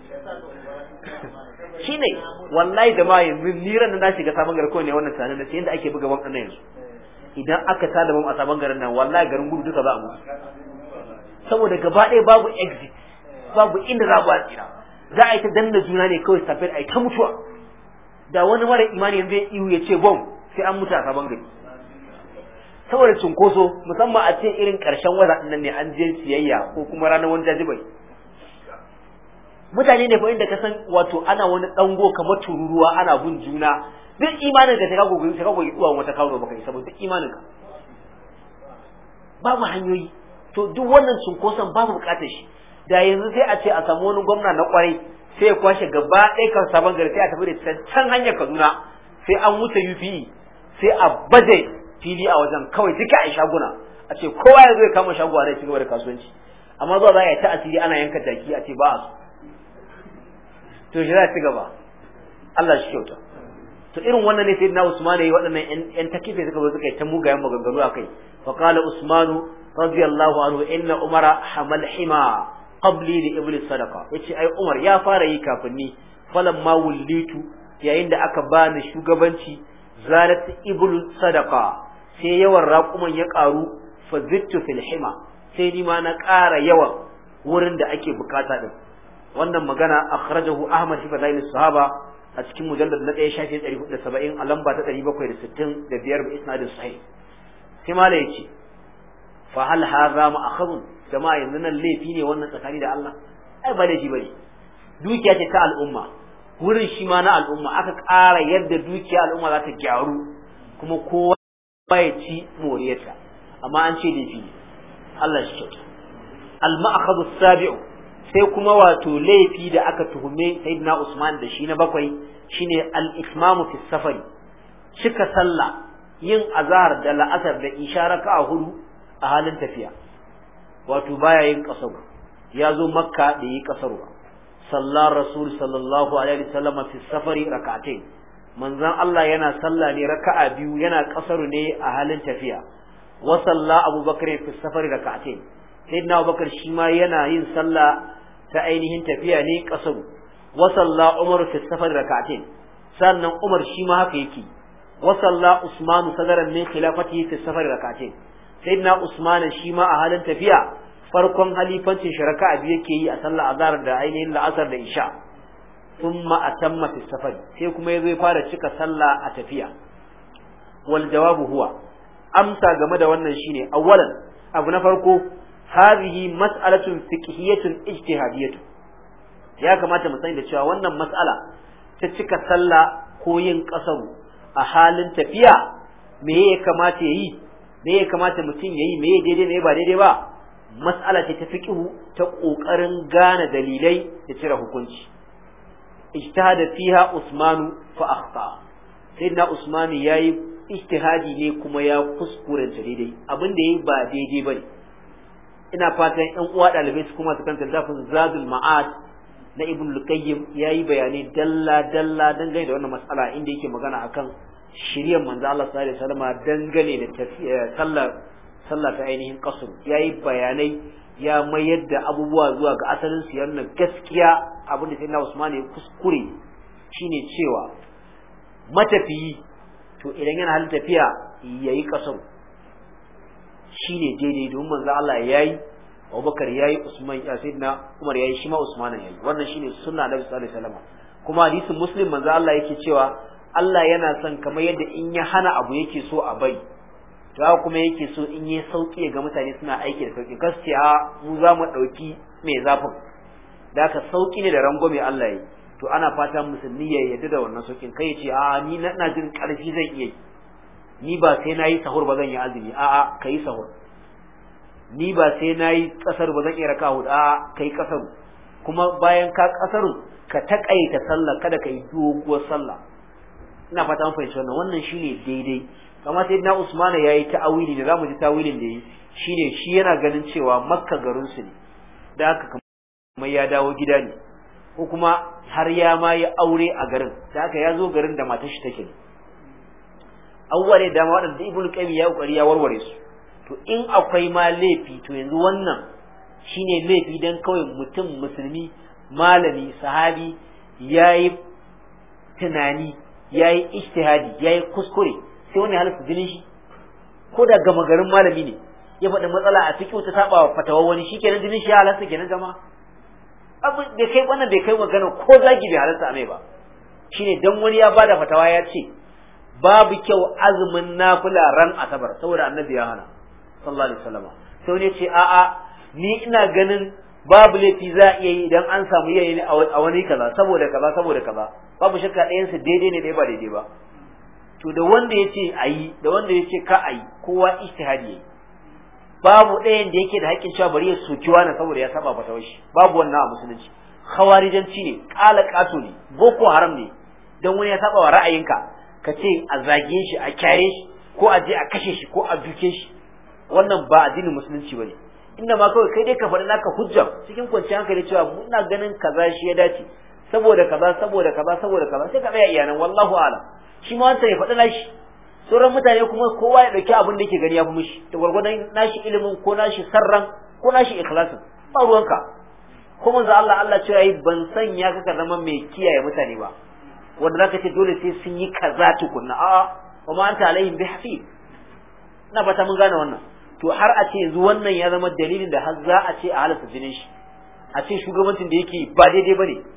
shine wallahi jama'a yanzu niran nan na shiga sabon garko ne wannan sanan da sai inda ake buga wannan yanzu idan aka tada bam a sabon garin nan wallahi garin gudu duka za a mutu saboda gaba ɗaya babu exit babu inda za a tsira za a yi ta danna juna ne kawai safiyar a yi ta mutuwa da wani mara imani yanzu ya iya ce bom sai an mutu a sabon gari saboda cunkoso musamman a ce irin ƙarshen wata nan ne an je siyayya ko kuma ranar wani jajibai mutane ne fa inda ka san wato ana wani dango kamar tururuwa ana bin juna duk imanin ka ta gogo ta wata kawo ba isa ba saboda imanin ka babu hanyoyi to duk wannan cunkoson ba mu bukatar shi da yanzu sai a ce a samu wani gwamna na kwarai sai ya kwashe gaba ɗaya kan sabon gari sai a tafi da can hanyar kaduna sai an wuce UPE sai a baje fili a wajen kawai duka a shaguna a ce kowa ya zo ya kama shagowa a ci gaba da kasuwanci amma zuwa za a yi ta asiri ana yanka jaki a ce ba a to shi za ci gaba Allah shi kyauta to irin wannan ne sai na Usman yayi waɗannan ƴan takife suka zo suka yi ta mugayen maganganu akai fa qala Usmanu radiyallahu anhu inna umara hamal hima qabli li iblis sadaqa yace ai umar ya fara yi kafin ni falamma wullitu yayin da aka bani shugabanci zalat ibul sadaqa sai yawan raƙuman ya ƙaru fa zittu fil hima sai ni ma na ƙara yawan wurin da ake bukata din wannan magana akhrajahu ahmad fi fadail sahaba a cikin mujallad na 1 shafi 470 a lamba ta 765 da biyar bi isnadin sahih sai mala yace fa hal hadha ma'khadun jama'a yanzu nan laifi ne wannan tsakani da Allah ai ba laifi bane dukiya ce ta al'umma wurin shi ma na al'umma aka ƙara yadda dukiya al'umma za ta gyaru kuma kowa ya ci moriyarta amma an ce laifi ne Allah shi kyauta al ma'khadhu sabi'u sai kuma wato laifi da aka tuhume sayyidina Usman da shi na bakwai shine al ikmamu fi safari cika sallah yin azhar da la'asar da isha a hudu a halin tafiya wato baya yin kasaru ya zo makka da yi kasaru sallar rasul sallallahu alaihi wasallam fi safari rak'atayn manzon Allah yana sallah ne raka'a biyu yana kasaru ne a halin tafiya wa salla abubakar fi safari rak'atayn sayyidina abubakar shi ma yana yin salla ta ainihin tafiya ne kasaru wa salla umar fi safari rak'atayn sannan umar shi ma haka yake wa salla usman sadaran min khilafatihi fi safari rak'atayn sayyidina usman shi ma a halin tafiya farkon halifancin shiraka abi yake yi a sallar azhar da ainihin la'asar da isha thumma atamma fi safari sai kuma yazo ya fara cika sallah a tafiya wal jawabu huwa amsa game da wannan shine awwalan abu na farko hadhihi mas'alatun fiqhiyyatun ijtihadiyatu ya kamata mu sani da cewa wannan mas'ala ta cika sallah ko yin kasaru a halin tafiya me ya kamata yayi me ya kamata mutum ya yi me ya daidai me ba daidai ba Matsala ce ta fiqhu ta ƙoƙarin gane dalilai da cire hukunci ijtihada fiha usmanu fa akhta sayyidina usman yayi ijtihadi ne kuma ya kuskure ta daidai abin da yayi ba daidai ba ne. ina fatan ƴan uwa ɗalibai su kuma su kanta zafin zazul ma'ad na ibn lukayyim ya yayi bayanai dalla dalla dangane da wannan mas'ala inda yake magana akan shirya manzo Allah sallallahu alaihi wasallam dangane da eh, sallar sallah ta ainihin qasr yayi bayanai ya mayar da abubuwa zuwa ga asalin su yana gaskiya abin da sayyidina Usman ya kuskure shine cewa matafiyi to idan yana halin tafiya yayi qasr shine daidai domin manzo Allah yayi Abubakar yayi Usman ya sayyidina Umar yayi shi ma Usman yayi wannan shine sunna Nabi sallallahu alaihi wasallam kuma hadisin Muslim manzo Allah yake cewa Allah yana son kamar yadda in ya hana abu yake so a bai to kuma yake so in ya sauki ga mutane suna aiki da sauki gaskiya a mu za mu ɗauki mai zafin da ka sauki ne da rangwame Allah yi to ana fata musulmi ya yadda da wannan saukin kai ya ce a ni na jin ƙarfi zan iya ni ba sai na yi sahur ba zan yi azumi a'a ka yi sahur ni ba sai na yi ƙasar ba zan iya raka hudu a ka ƙasar kuma bayan ka ƙasar ka taƙaita sallah kada ka yi doguwar sallah ina fata mun fahimci wannan wannan shine daidai kamar sai na usmana yayi ta'awili da zamu ji ta'awilin da yi shine shi yana ganin cewa makka garin su ne da aka kamar ya dawo gida ne ko kuma har ya ma yi aure a garin da haka ya zo garin da matar shi take awwale da ma wadanda ibnu qayyim ya kokari ya warware su to in akwai ma laifi to yanzu wannan shine laifi dan kawai mutum musulmi malami sahabi yayi tunani yayi ijtihadi yayi kuskure sai wani halasta jinin shi ko da gama garin malami ne ya faɗi matsala a fiƙi ta saba wa fatawa wani shikenan jinin shi halasta kenan gama abin bai kai wannan bai kai magana ko zagi bai halasta mai ba shine dan wani ya bada fatawa ya ce babu kyau azumin nafila ran asabar saboda annabi ya hana sallallahu alaihi wasallam sai wani ya ce a'a ni ina ganin babu laifi za a iya yi idan an samu yayi a wani kaza saboda kaza saboda kaza babu shakka ɗayan su daidai ne ɗaya ba daidai ba to da wanda yace ayi da wanda yace ka ayi kowa ijtihadi yayi babu ɗayan da yake da haƙƙin cewa bari ya soki wani saboda ya saba fata shi babu wannan a musulunci khawarijanci ne ƙala kaso ne boko haram ne dan wani ya saba wa ra'ayinka ka ce a zage shi a kyare shi ko a je a kashe shi ko a duke shi wannan ba addinin musulunci bane inda ma kawai kai dai ka faɗi naka hujja cikin kwanciyar hankali cewa muna ganin kaza shi ya dace saboda kaza saboda kaza saboda kaza sai ka tsaya iyanan wallahu a'lam shi ma wanda ya faɗi nashi sauran mutane kuma kowa ya ɗauki abin da yake gani ya fi mushi da gwargwadon nashi ilimin ko nashi sarran ko nashi ikhlasin ba ruwanka ko manzo Allah Allah cewa yi ban sanya ka zama mai kiyaye mutane ba wanda zaka ce dole sai sun yi kaza tukunna a'a wa ma anta alaihim hafi? ina fata mun gane wannan to har a ce yanzu wannan ya zama dalilin da har za a ce a halatta jinin shi a ce shugabancin da yake ba daidai ne.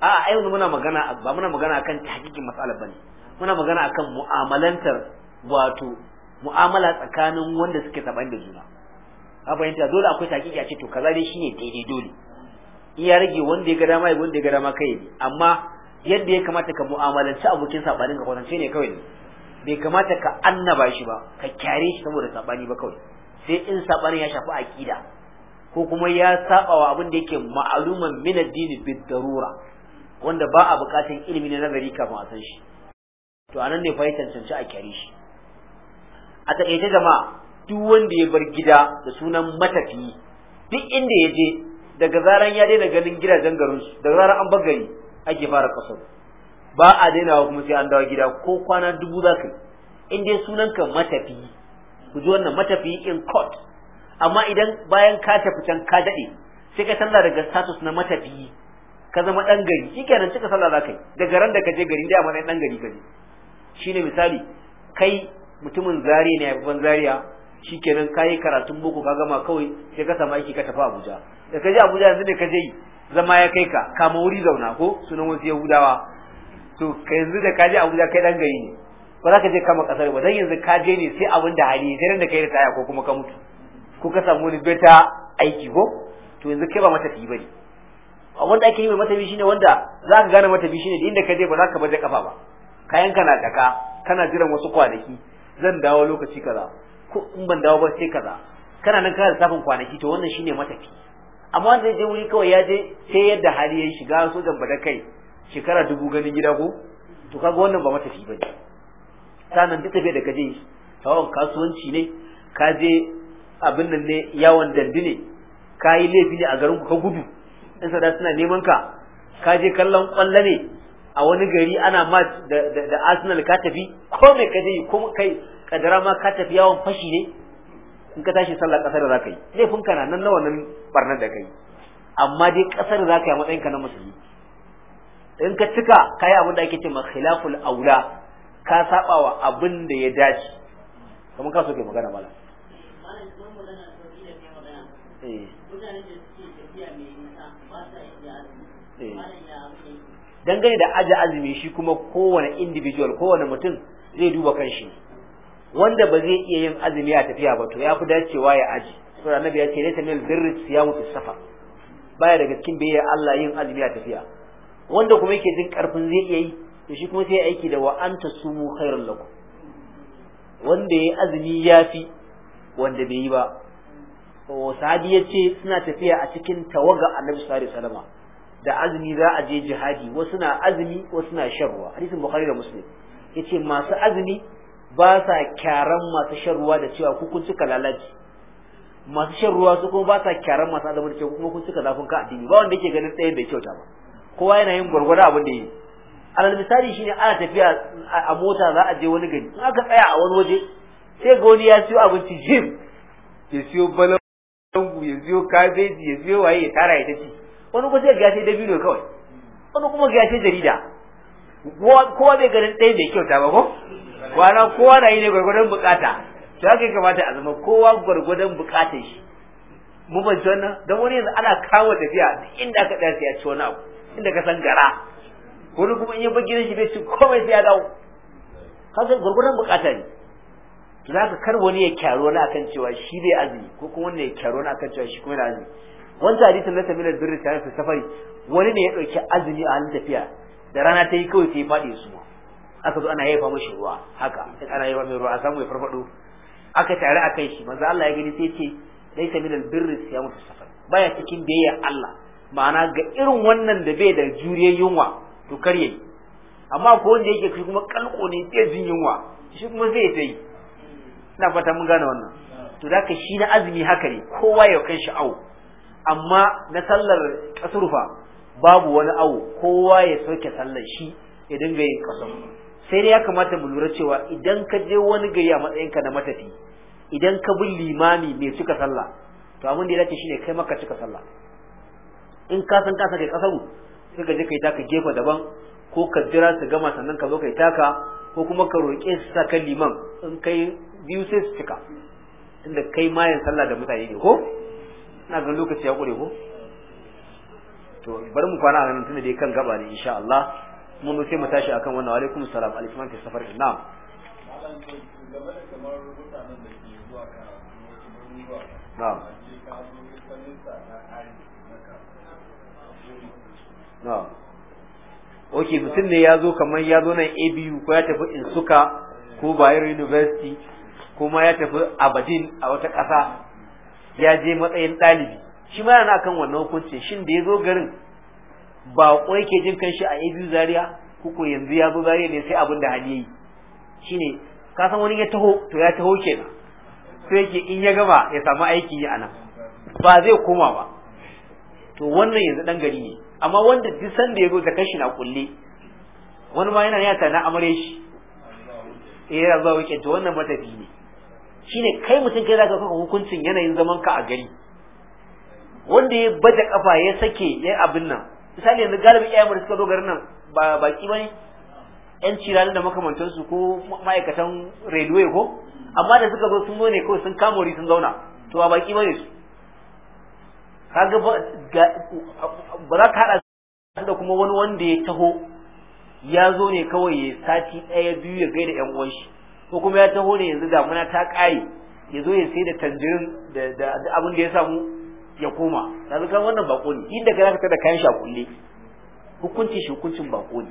a a yanzu muna magana ba muna magana akan tahqiqin mas'alar bane muna magana akan mu'amalantar wato mu'amala tsakanin wanda suke saban da juna a bayyanta dole akwai tahqiqi a ce to kaza dai shine daidai dole iya rage wanda ya gada dama ya wanda ya ga dama kai amma yadda ya kamata ka mu'amalanci abokin sabanin ka kwatance ne kawai bai kamata ka annaba shi ba ka kyare shi saboda sabani ba kawai sai in saɓanin ya shafi aƙida. ko kuma ya saba wa abin da yake ma'aluman min addini bid darura wanda ba a bukatun ilimi na nazari kafin a san shi to anan ne fa ya cancanci a kyare shi a takaice jama'a duk wanda ya bar gida da sunan matafiyi duk inda ya je daga zaran ya daina ganin gidajen garin su daga zaran an bagari ake fara kasar ba a dainawa kuma sai an dawo gida ko kwana dubu za ka yi in dai sunanka matafiyi ku ji wannan matafiyi in court amma idan bayan ka tafi can ka daɗe sai ka sallah daga status na matafi ka zama ɗan gari nan cika sallah za ka yi daga ran da ka je gari dai amma matsayin ɗan gari ka je shine misali kai mutumin zari ne babban zariya shikenan ka yi karatun boko ka gama kawai sai ka samu aiki ka tafi abuja da ka je abuja yanzu ne ka je zama ya kai ka kama wuri zauna ko sunan wasu yahudawa to ka yanzu da ka je abuja kai ɗan gari ne ba za ka je kama ƙasar ba dan yanzu ka je ne sai abin da hali sai da kai da taya ko kuma ka mutu ko ka samu wani beta aiki ko to yanzu kai ba matafi ba ne wanda ake yi mata matafi shine wanda za ka gane matafi shine da inda ka je ba za ka bar da kafa ba kayan ka na daka kana jiran wasu kwanaki zan dawo lokaci kaza ko in ban dawo ba sai kaza kana nan kana lissafin kwanaki to wannan shine matafi amma wanda ya je wuri kawai ya je sai yadda hali ya shiga sojan bada kai shekara dubu ganin gida ko to kaga wannan ba matafi bane sanan duk tafiya da kaje tawon kasuwanci ne ka je abin nan ne yawon ne. ka yi laifi ne a garin ku ka gudu in sada suna neman ka ka je kallon kwallo ne a wani gari ana ma da Arsenal ka tafi ko mai ka je ko kai kadara ma ka tafi yawon fashi ne in ka tashi sallar kasar da zaka yi laifin ka nan nawa nan barnar da kai amma dai kasar da zaka yi matsayin ka na musulmi in ka cika yi abin da ake cewa khilaful aula ka saba wa abin da ya dace kamar ka so ke magana malam Eh. Eh. dangane da aji azumi shi kuma kowane individual kowane mutum zai duba kanshi wanda ba zai iya yin azumi a tafiya ba to ya fi dacewa ya aji saboda nabi ya ce laita min birri siyamu fi safar baya daga cikin bayyana Allah yin azumi a tafiya wanda kuma yake jin karfin zai iya yi to shi kuma sai aiki da wa anta sumu khairul lakum wanda yayi azumi yafi wanda bai yi ba sahabi ya ce suna tafiya a cikin tawaga annabi sallallahu alaihi wasallam da azumi za a je jihadi wasu na azumi wasu na shan ruwa hadisin bukhari da muslim yace masu azumi ba sa kyaran masu shan ruwa da cewa ku kun cika lalaci masu shan ruwa su kuma ba sa kyaran masu azumin da cewa kuma kun cika zafin ka addini ba wanda yake ganin tsaye bai kyauta ba kowa yana yin gwargwado abin da yi alal misali shine ana tafiya a mota za a je wani gari in aka tsaya a wani waje sai ga wani ya siyo abinci jim ke siyo balan dangu ya zo kabeji ya zo waye ya tara ya tafi wani kuma zai ga sai dabino kawai wani kuma ga sai jarida kowa bai ganin ɗaya bai kyauta ba ko kwana kowa na yi ne gwargwadon bukata to haka kamata a zama kowa gwargwadon bukatar shi mu ban ci wannan don wani yanzu ana kawo tafiya duk inda aka tsaya sai ya ci wani abu inda ka san gara wani kuma in ya bar shi bai ci komai sai ya dawo kaga gwargwadon bukata ne to zaka kar wani ya kyaro na kan cewa shi bai azumi ko kuma wanda ya kyaro na kan cewa shi kuma yana azumi wancan hadisin lata min durri tare da safari wani ne ya dauki azumi a halin tafiya da rana ta yi kawai sai ya faɗi su aka zo ana yafa mashi ruwa haka sai ana yafa mai ruwa a samu ya farfado aka tare a kai shi manzo Allah ya gani sai ce laita min birri ya mutu safar baya cikin biyayya Allah ma'ana ga irin wannan da bai da juriyar yunwa to karye amma ko wanda yake kai kuma kalko ne sai jin yunwa shi kuma zai yi ina fata mun gane wannan to da ka shi na azumi haka ne kowa ya kan sha'awu amma na sallar kasurfa babu wani awo kowa ya soke sallar shi ya dinga yin kasar sai dai ya kamata mu lura cewa idan ka je wani gari a matsayinka na matafi idan ka bi limami mai cika sallah to abin da ya dace shine kai maka cika sallah in ka san ka kai kasaru sai ka je kai taka gefe daban ko ka jira su gama sannan ka zo kai taka ko kuma ka roƙe su saka liman in kai biyu sai su cika tunda kai mayan sallah da mutane ne ko ina ga lokaci ya kure ko to bari mu kwana a nan tunda dai kan gaba ne insha Allah mun sai mu tashi akan wannan wa alaikum salam alaikum fi safar na'am na'am na'am ok mutum ne ya zo kamar ya zo nan abu ko ya tafi in suka ko bayero university kuma ya tafi abadin a wata ƙasa ya je matsayin ɗalibi shi ma yana kan wannan hukuncin shin da ya zo garin ba ko yake jin kanshi a abu zaria kuko yanzu ya zo zaria ne sai abin da hali yayi shine ka san wani ya taho to ya taho kenan sai yake in ya gama ya samu aiki a nan ba zai koma ba to wannan yanzu dan gari ne amma wanda duk san da ya zo da kanshi na kulle wani ma yana yata na amare shi eh ya zuwa weekend to wannan matafi ne shine kai mutum kai zaka kuka hukuncin yanayin zaman ka a gari wanda ya baje kafa ya sake ya abin nan misali yanzu galibin iyayen da suka zo garin nan ba baki bane yan cirani da su ko ma'aikatan railway ko amma da suka zo sun zo ne kawai sun kama wuri sun zauna to ba baki bane su kaga ba za ka haɗa su da kuma wani wanda ya taho ya zo ne kawai ya sati ɗaya biyu ya gaida ƴan uwan shi ko kuma ya taho ne yanzu damuna ta ƙare ya zo ya sai da tanjirin da abin da ya samu ya koma yanzu kan wannan bako ne inda ka zaka da kayan shakulle hukuncin shi hukuncin bako ne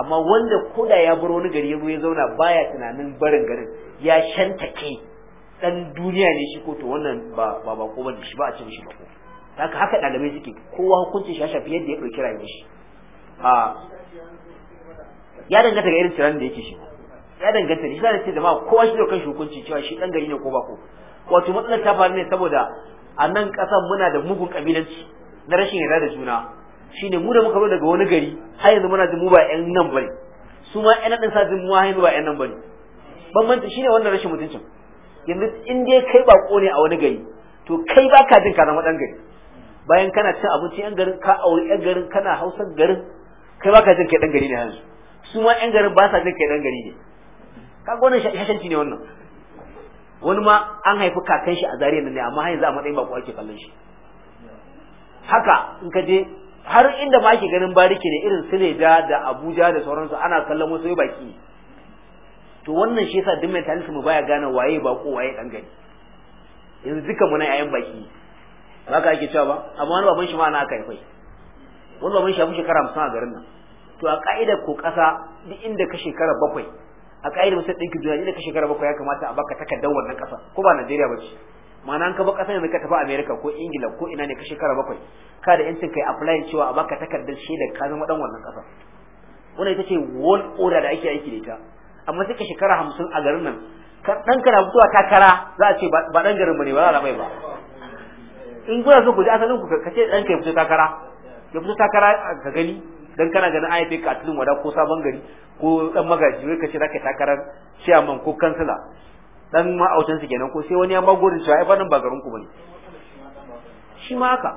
amma wanda koda ya bar wani gari ya zo ya zauna baya tunanin barin garin ya shantake dan duniya ne shi ko to wannan ba ba bako shi ba a ce shi bako haka haka dalibai suke kowa hukuncin shi ya shafi yadda ya dauki rayuwar shi a ah, ya danganta ga irin tiran da yake shi ba ya danganta ne shi da ce ma kowa shi da kan hukunci cewa shi dan gari ne ko ba ko wato matsalar ta faru ne saboda a nan kasan muna da mugun kabilanci na rashin yarda da juna shine mu da muka zo daga wani gari har yanzu muna jin mu ba ƴan nan bane su ma ƴan nan sa jin mu har ba ƴan nan bane bambanci shine wannan rashin mutuncin yanzu in dai kai ko ne a wani gari to kai ba ka jin ka zama dan gari bayan kana cin abinci ƴan garin ka aure ƴan garin kana hausar garin kai ba ka jin kai dan gari ne yanzu su ma ƴan garin ba sa jin kai dan gari ne kaga wannan shashanci ne wannan wani ma an haifi kakan shi a zariya ne amma har yanzu a matsayin bako ake kallon shi haka in ka je har inda ma ake ganin bariki ne irin Sineda da Abuja da sauransu ana kallon wasu baki to wannan shi yasa duk mentalism baya gane waye bako waye dan gani. yanzu duka muna yayin baki ba ka ake cewa ba amma wani baban shi ma ana aka kai. wani baban shi ya shekara 50 a garin nan to a ka'idar ko kasa duk inda ka shekara bakwai a ƙa'idar musa ɗinki juna ne da kashe gara bakwai ya kamata a baka takardar wannan ƙasa ko ba Najeriya ba ce ma'ana an ka ba ƙasar yanzu ka tafi Amerika ko Ingila ko ina ne kashe gara bakwai ka da yancin kai apply cewa a baka takardar shaidar ka zama ɗan wannan ƙasa wannan ita ce wall order da ake aiki da ita amma sai ka shekara hamsin a garin nan ɗan kana zuwa takara za a ce ba ɗan garin ba ne ba za a mai ba in kuna so ku ji asalin ku ka ce ɗan kai ya fito takara ya fito takara ka gani dan kana ganin an ka a cikin wada ko sabon gari ko dan magaji wai kace zaka takarar chairman ko kansila dan ma'autan su kenan ko sai wani ya ba su cewa ai fannin ba garin ku bane shi ma haka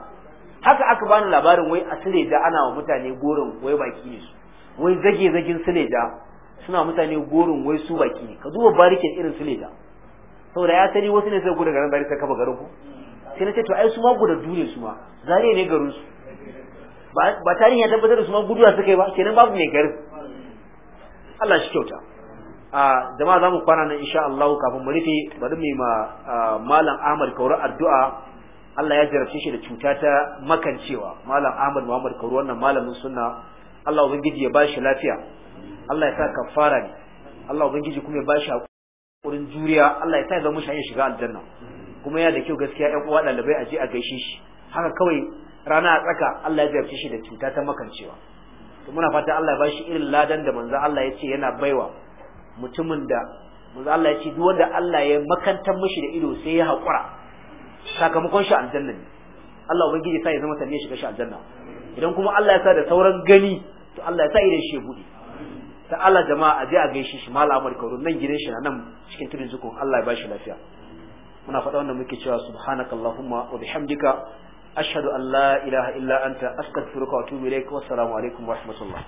haka aka bani labarin wai a da ana wa mutane gorin wai baki ne su wai zage zagin da suna mutane gorin wai su baki ne ka duba barikin irin da saboda ya sani wasu ne sai gudu garin bari sai kafa garin ku sai na ce to ai su ma gudu dure su ma zare ne garin su ba tarihi ya tabbatar da su ma guduwa suka yi ba kenan babu mai garin Allah shi kyauta a jama'a zamu kwana nan insha Allah kafin mu rufe bari mu ma malam Ahmad Kauru addu'a Allah ya jarabce shi da cuta ta makancewa malam Ahmad Muhammad Kauru wannan malamin sunna Allah ubangiji ya bashi lafiya Allah ya sa kafara ne Allah ubangiji kuma ya bashi hakurin juriya Allah ya sa zama shi shiga aljanna kuma ya da kyau gaskiya ɗan uwa ɗalibai a je a gaishe shi haka kawai rana a tsaka Allah ya jarabce shi da cuta ta makancewa to muna fata Allah ya bashi irin ladan da manzo Allah ya ce yana baiwa mutumin da manzo Allah ya ce duk wanda Allah ya makanta mishi da ido sai ya haƙura sakamakon shi aljanna ne Allah ubangiji sai ya zama sanne shiga shi aljanna idan kuma Allah ya sa da sauran gani to Allah ya sa idan shi ya bude ta Allah jama'a a je a gaishe shi malam Amurka Kauru nan gidan shi nan cikin tudun zukun Allah ya bashi lafiya muna faɗa wannan muke cewa subhanakallahumma wa bihamdika ashadu an la ilaha illa anta astaghfiruka wa atubu ilaik wa assalamu alaikum wa rahmatullah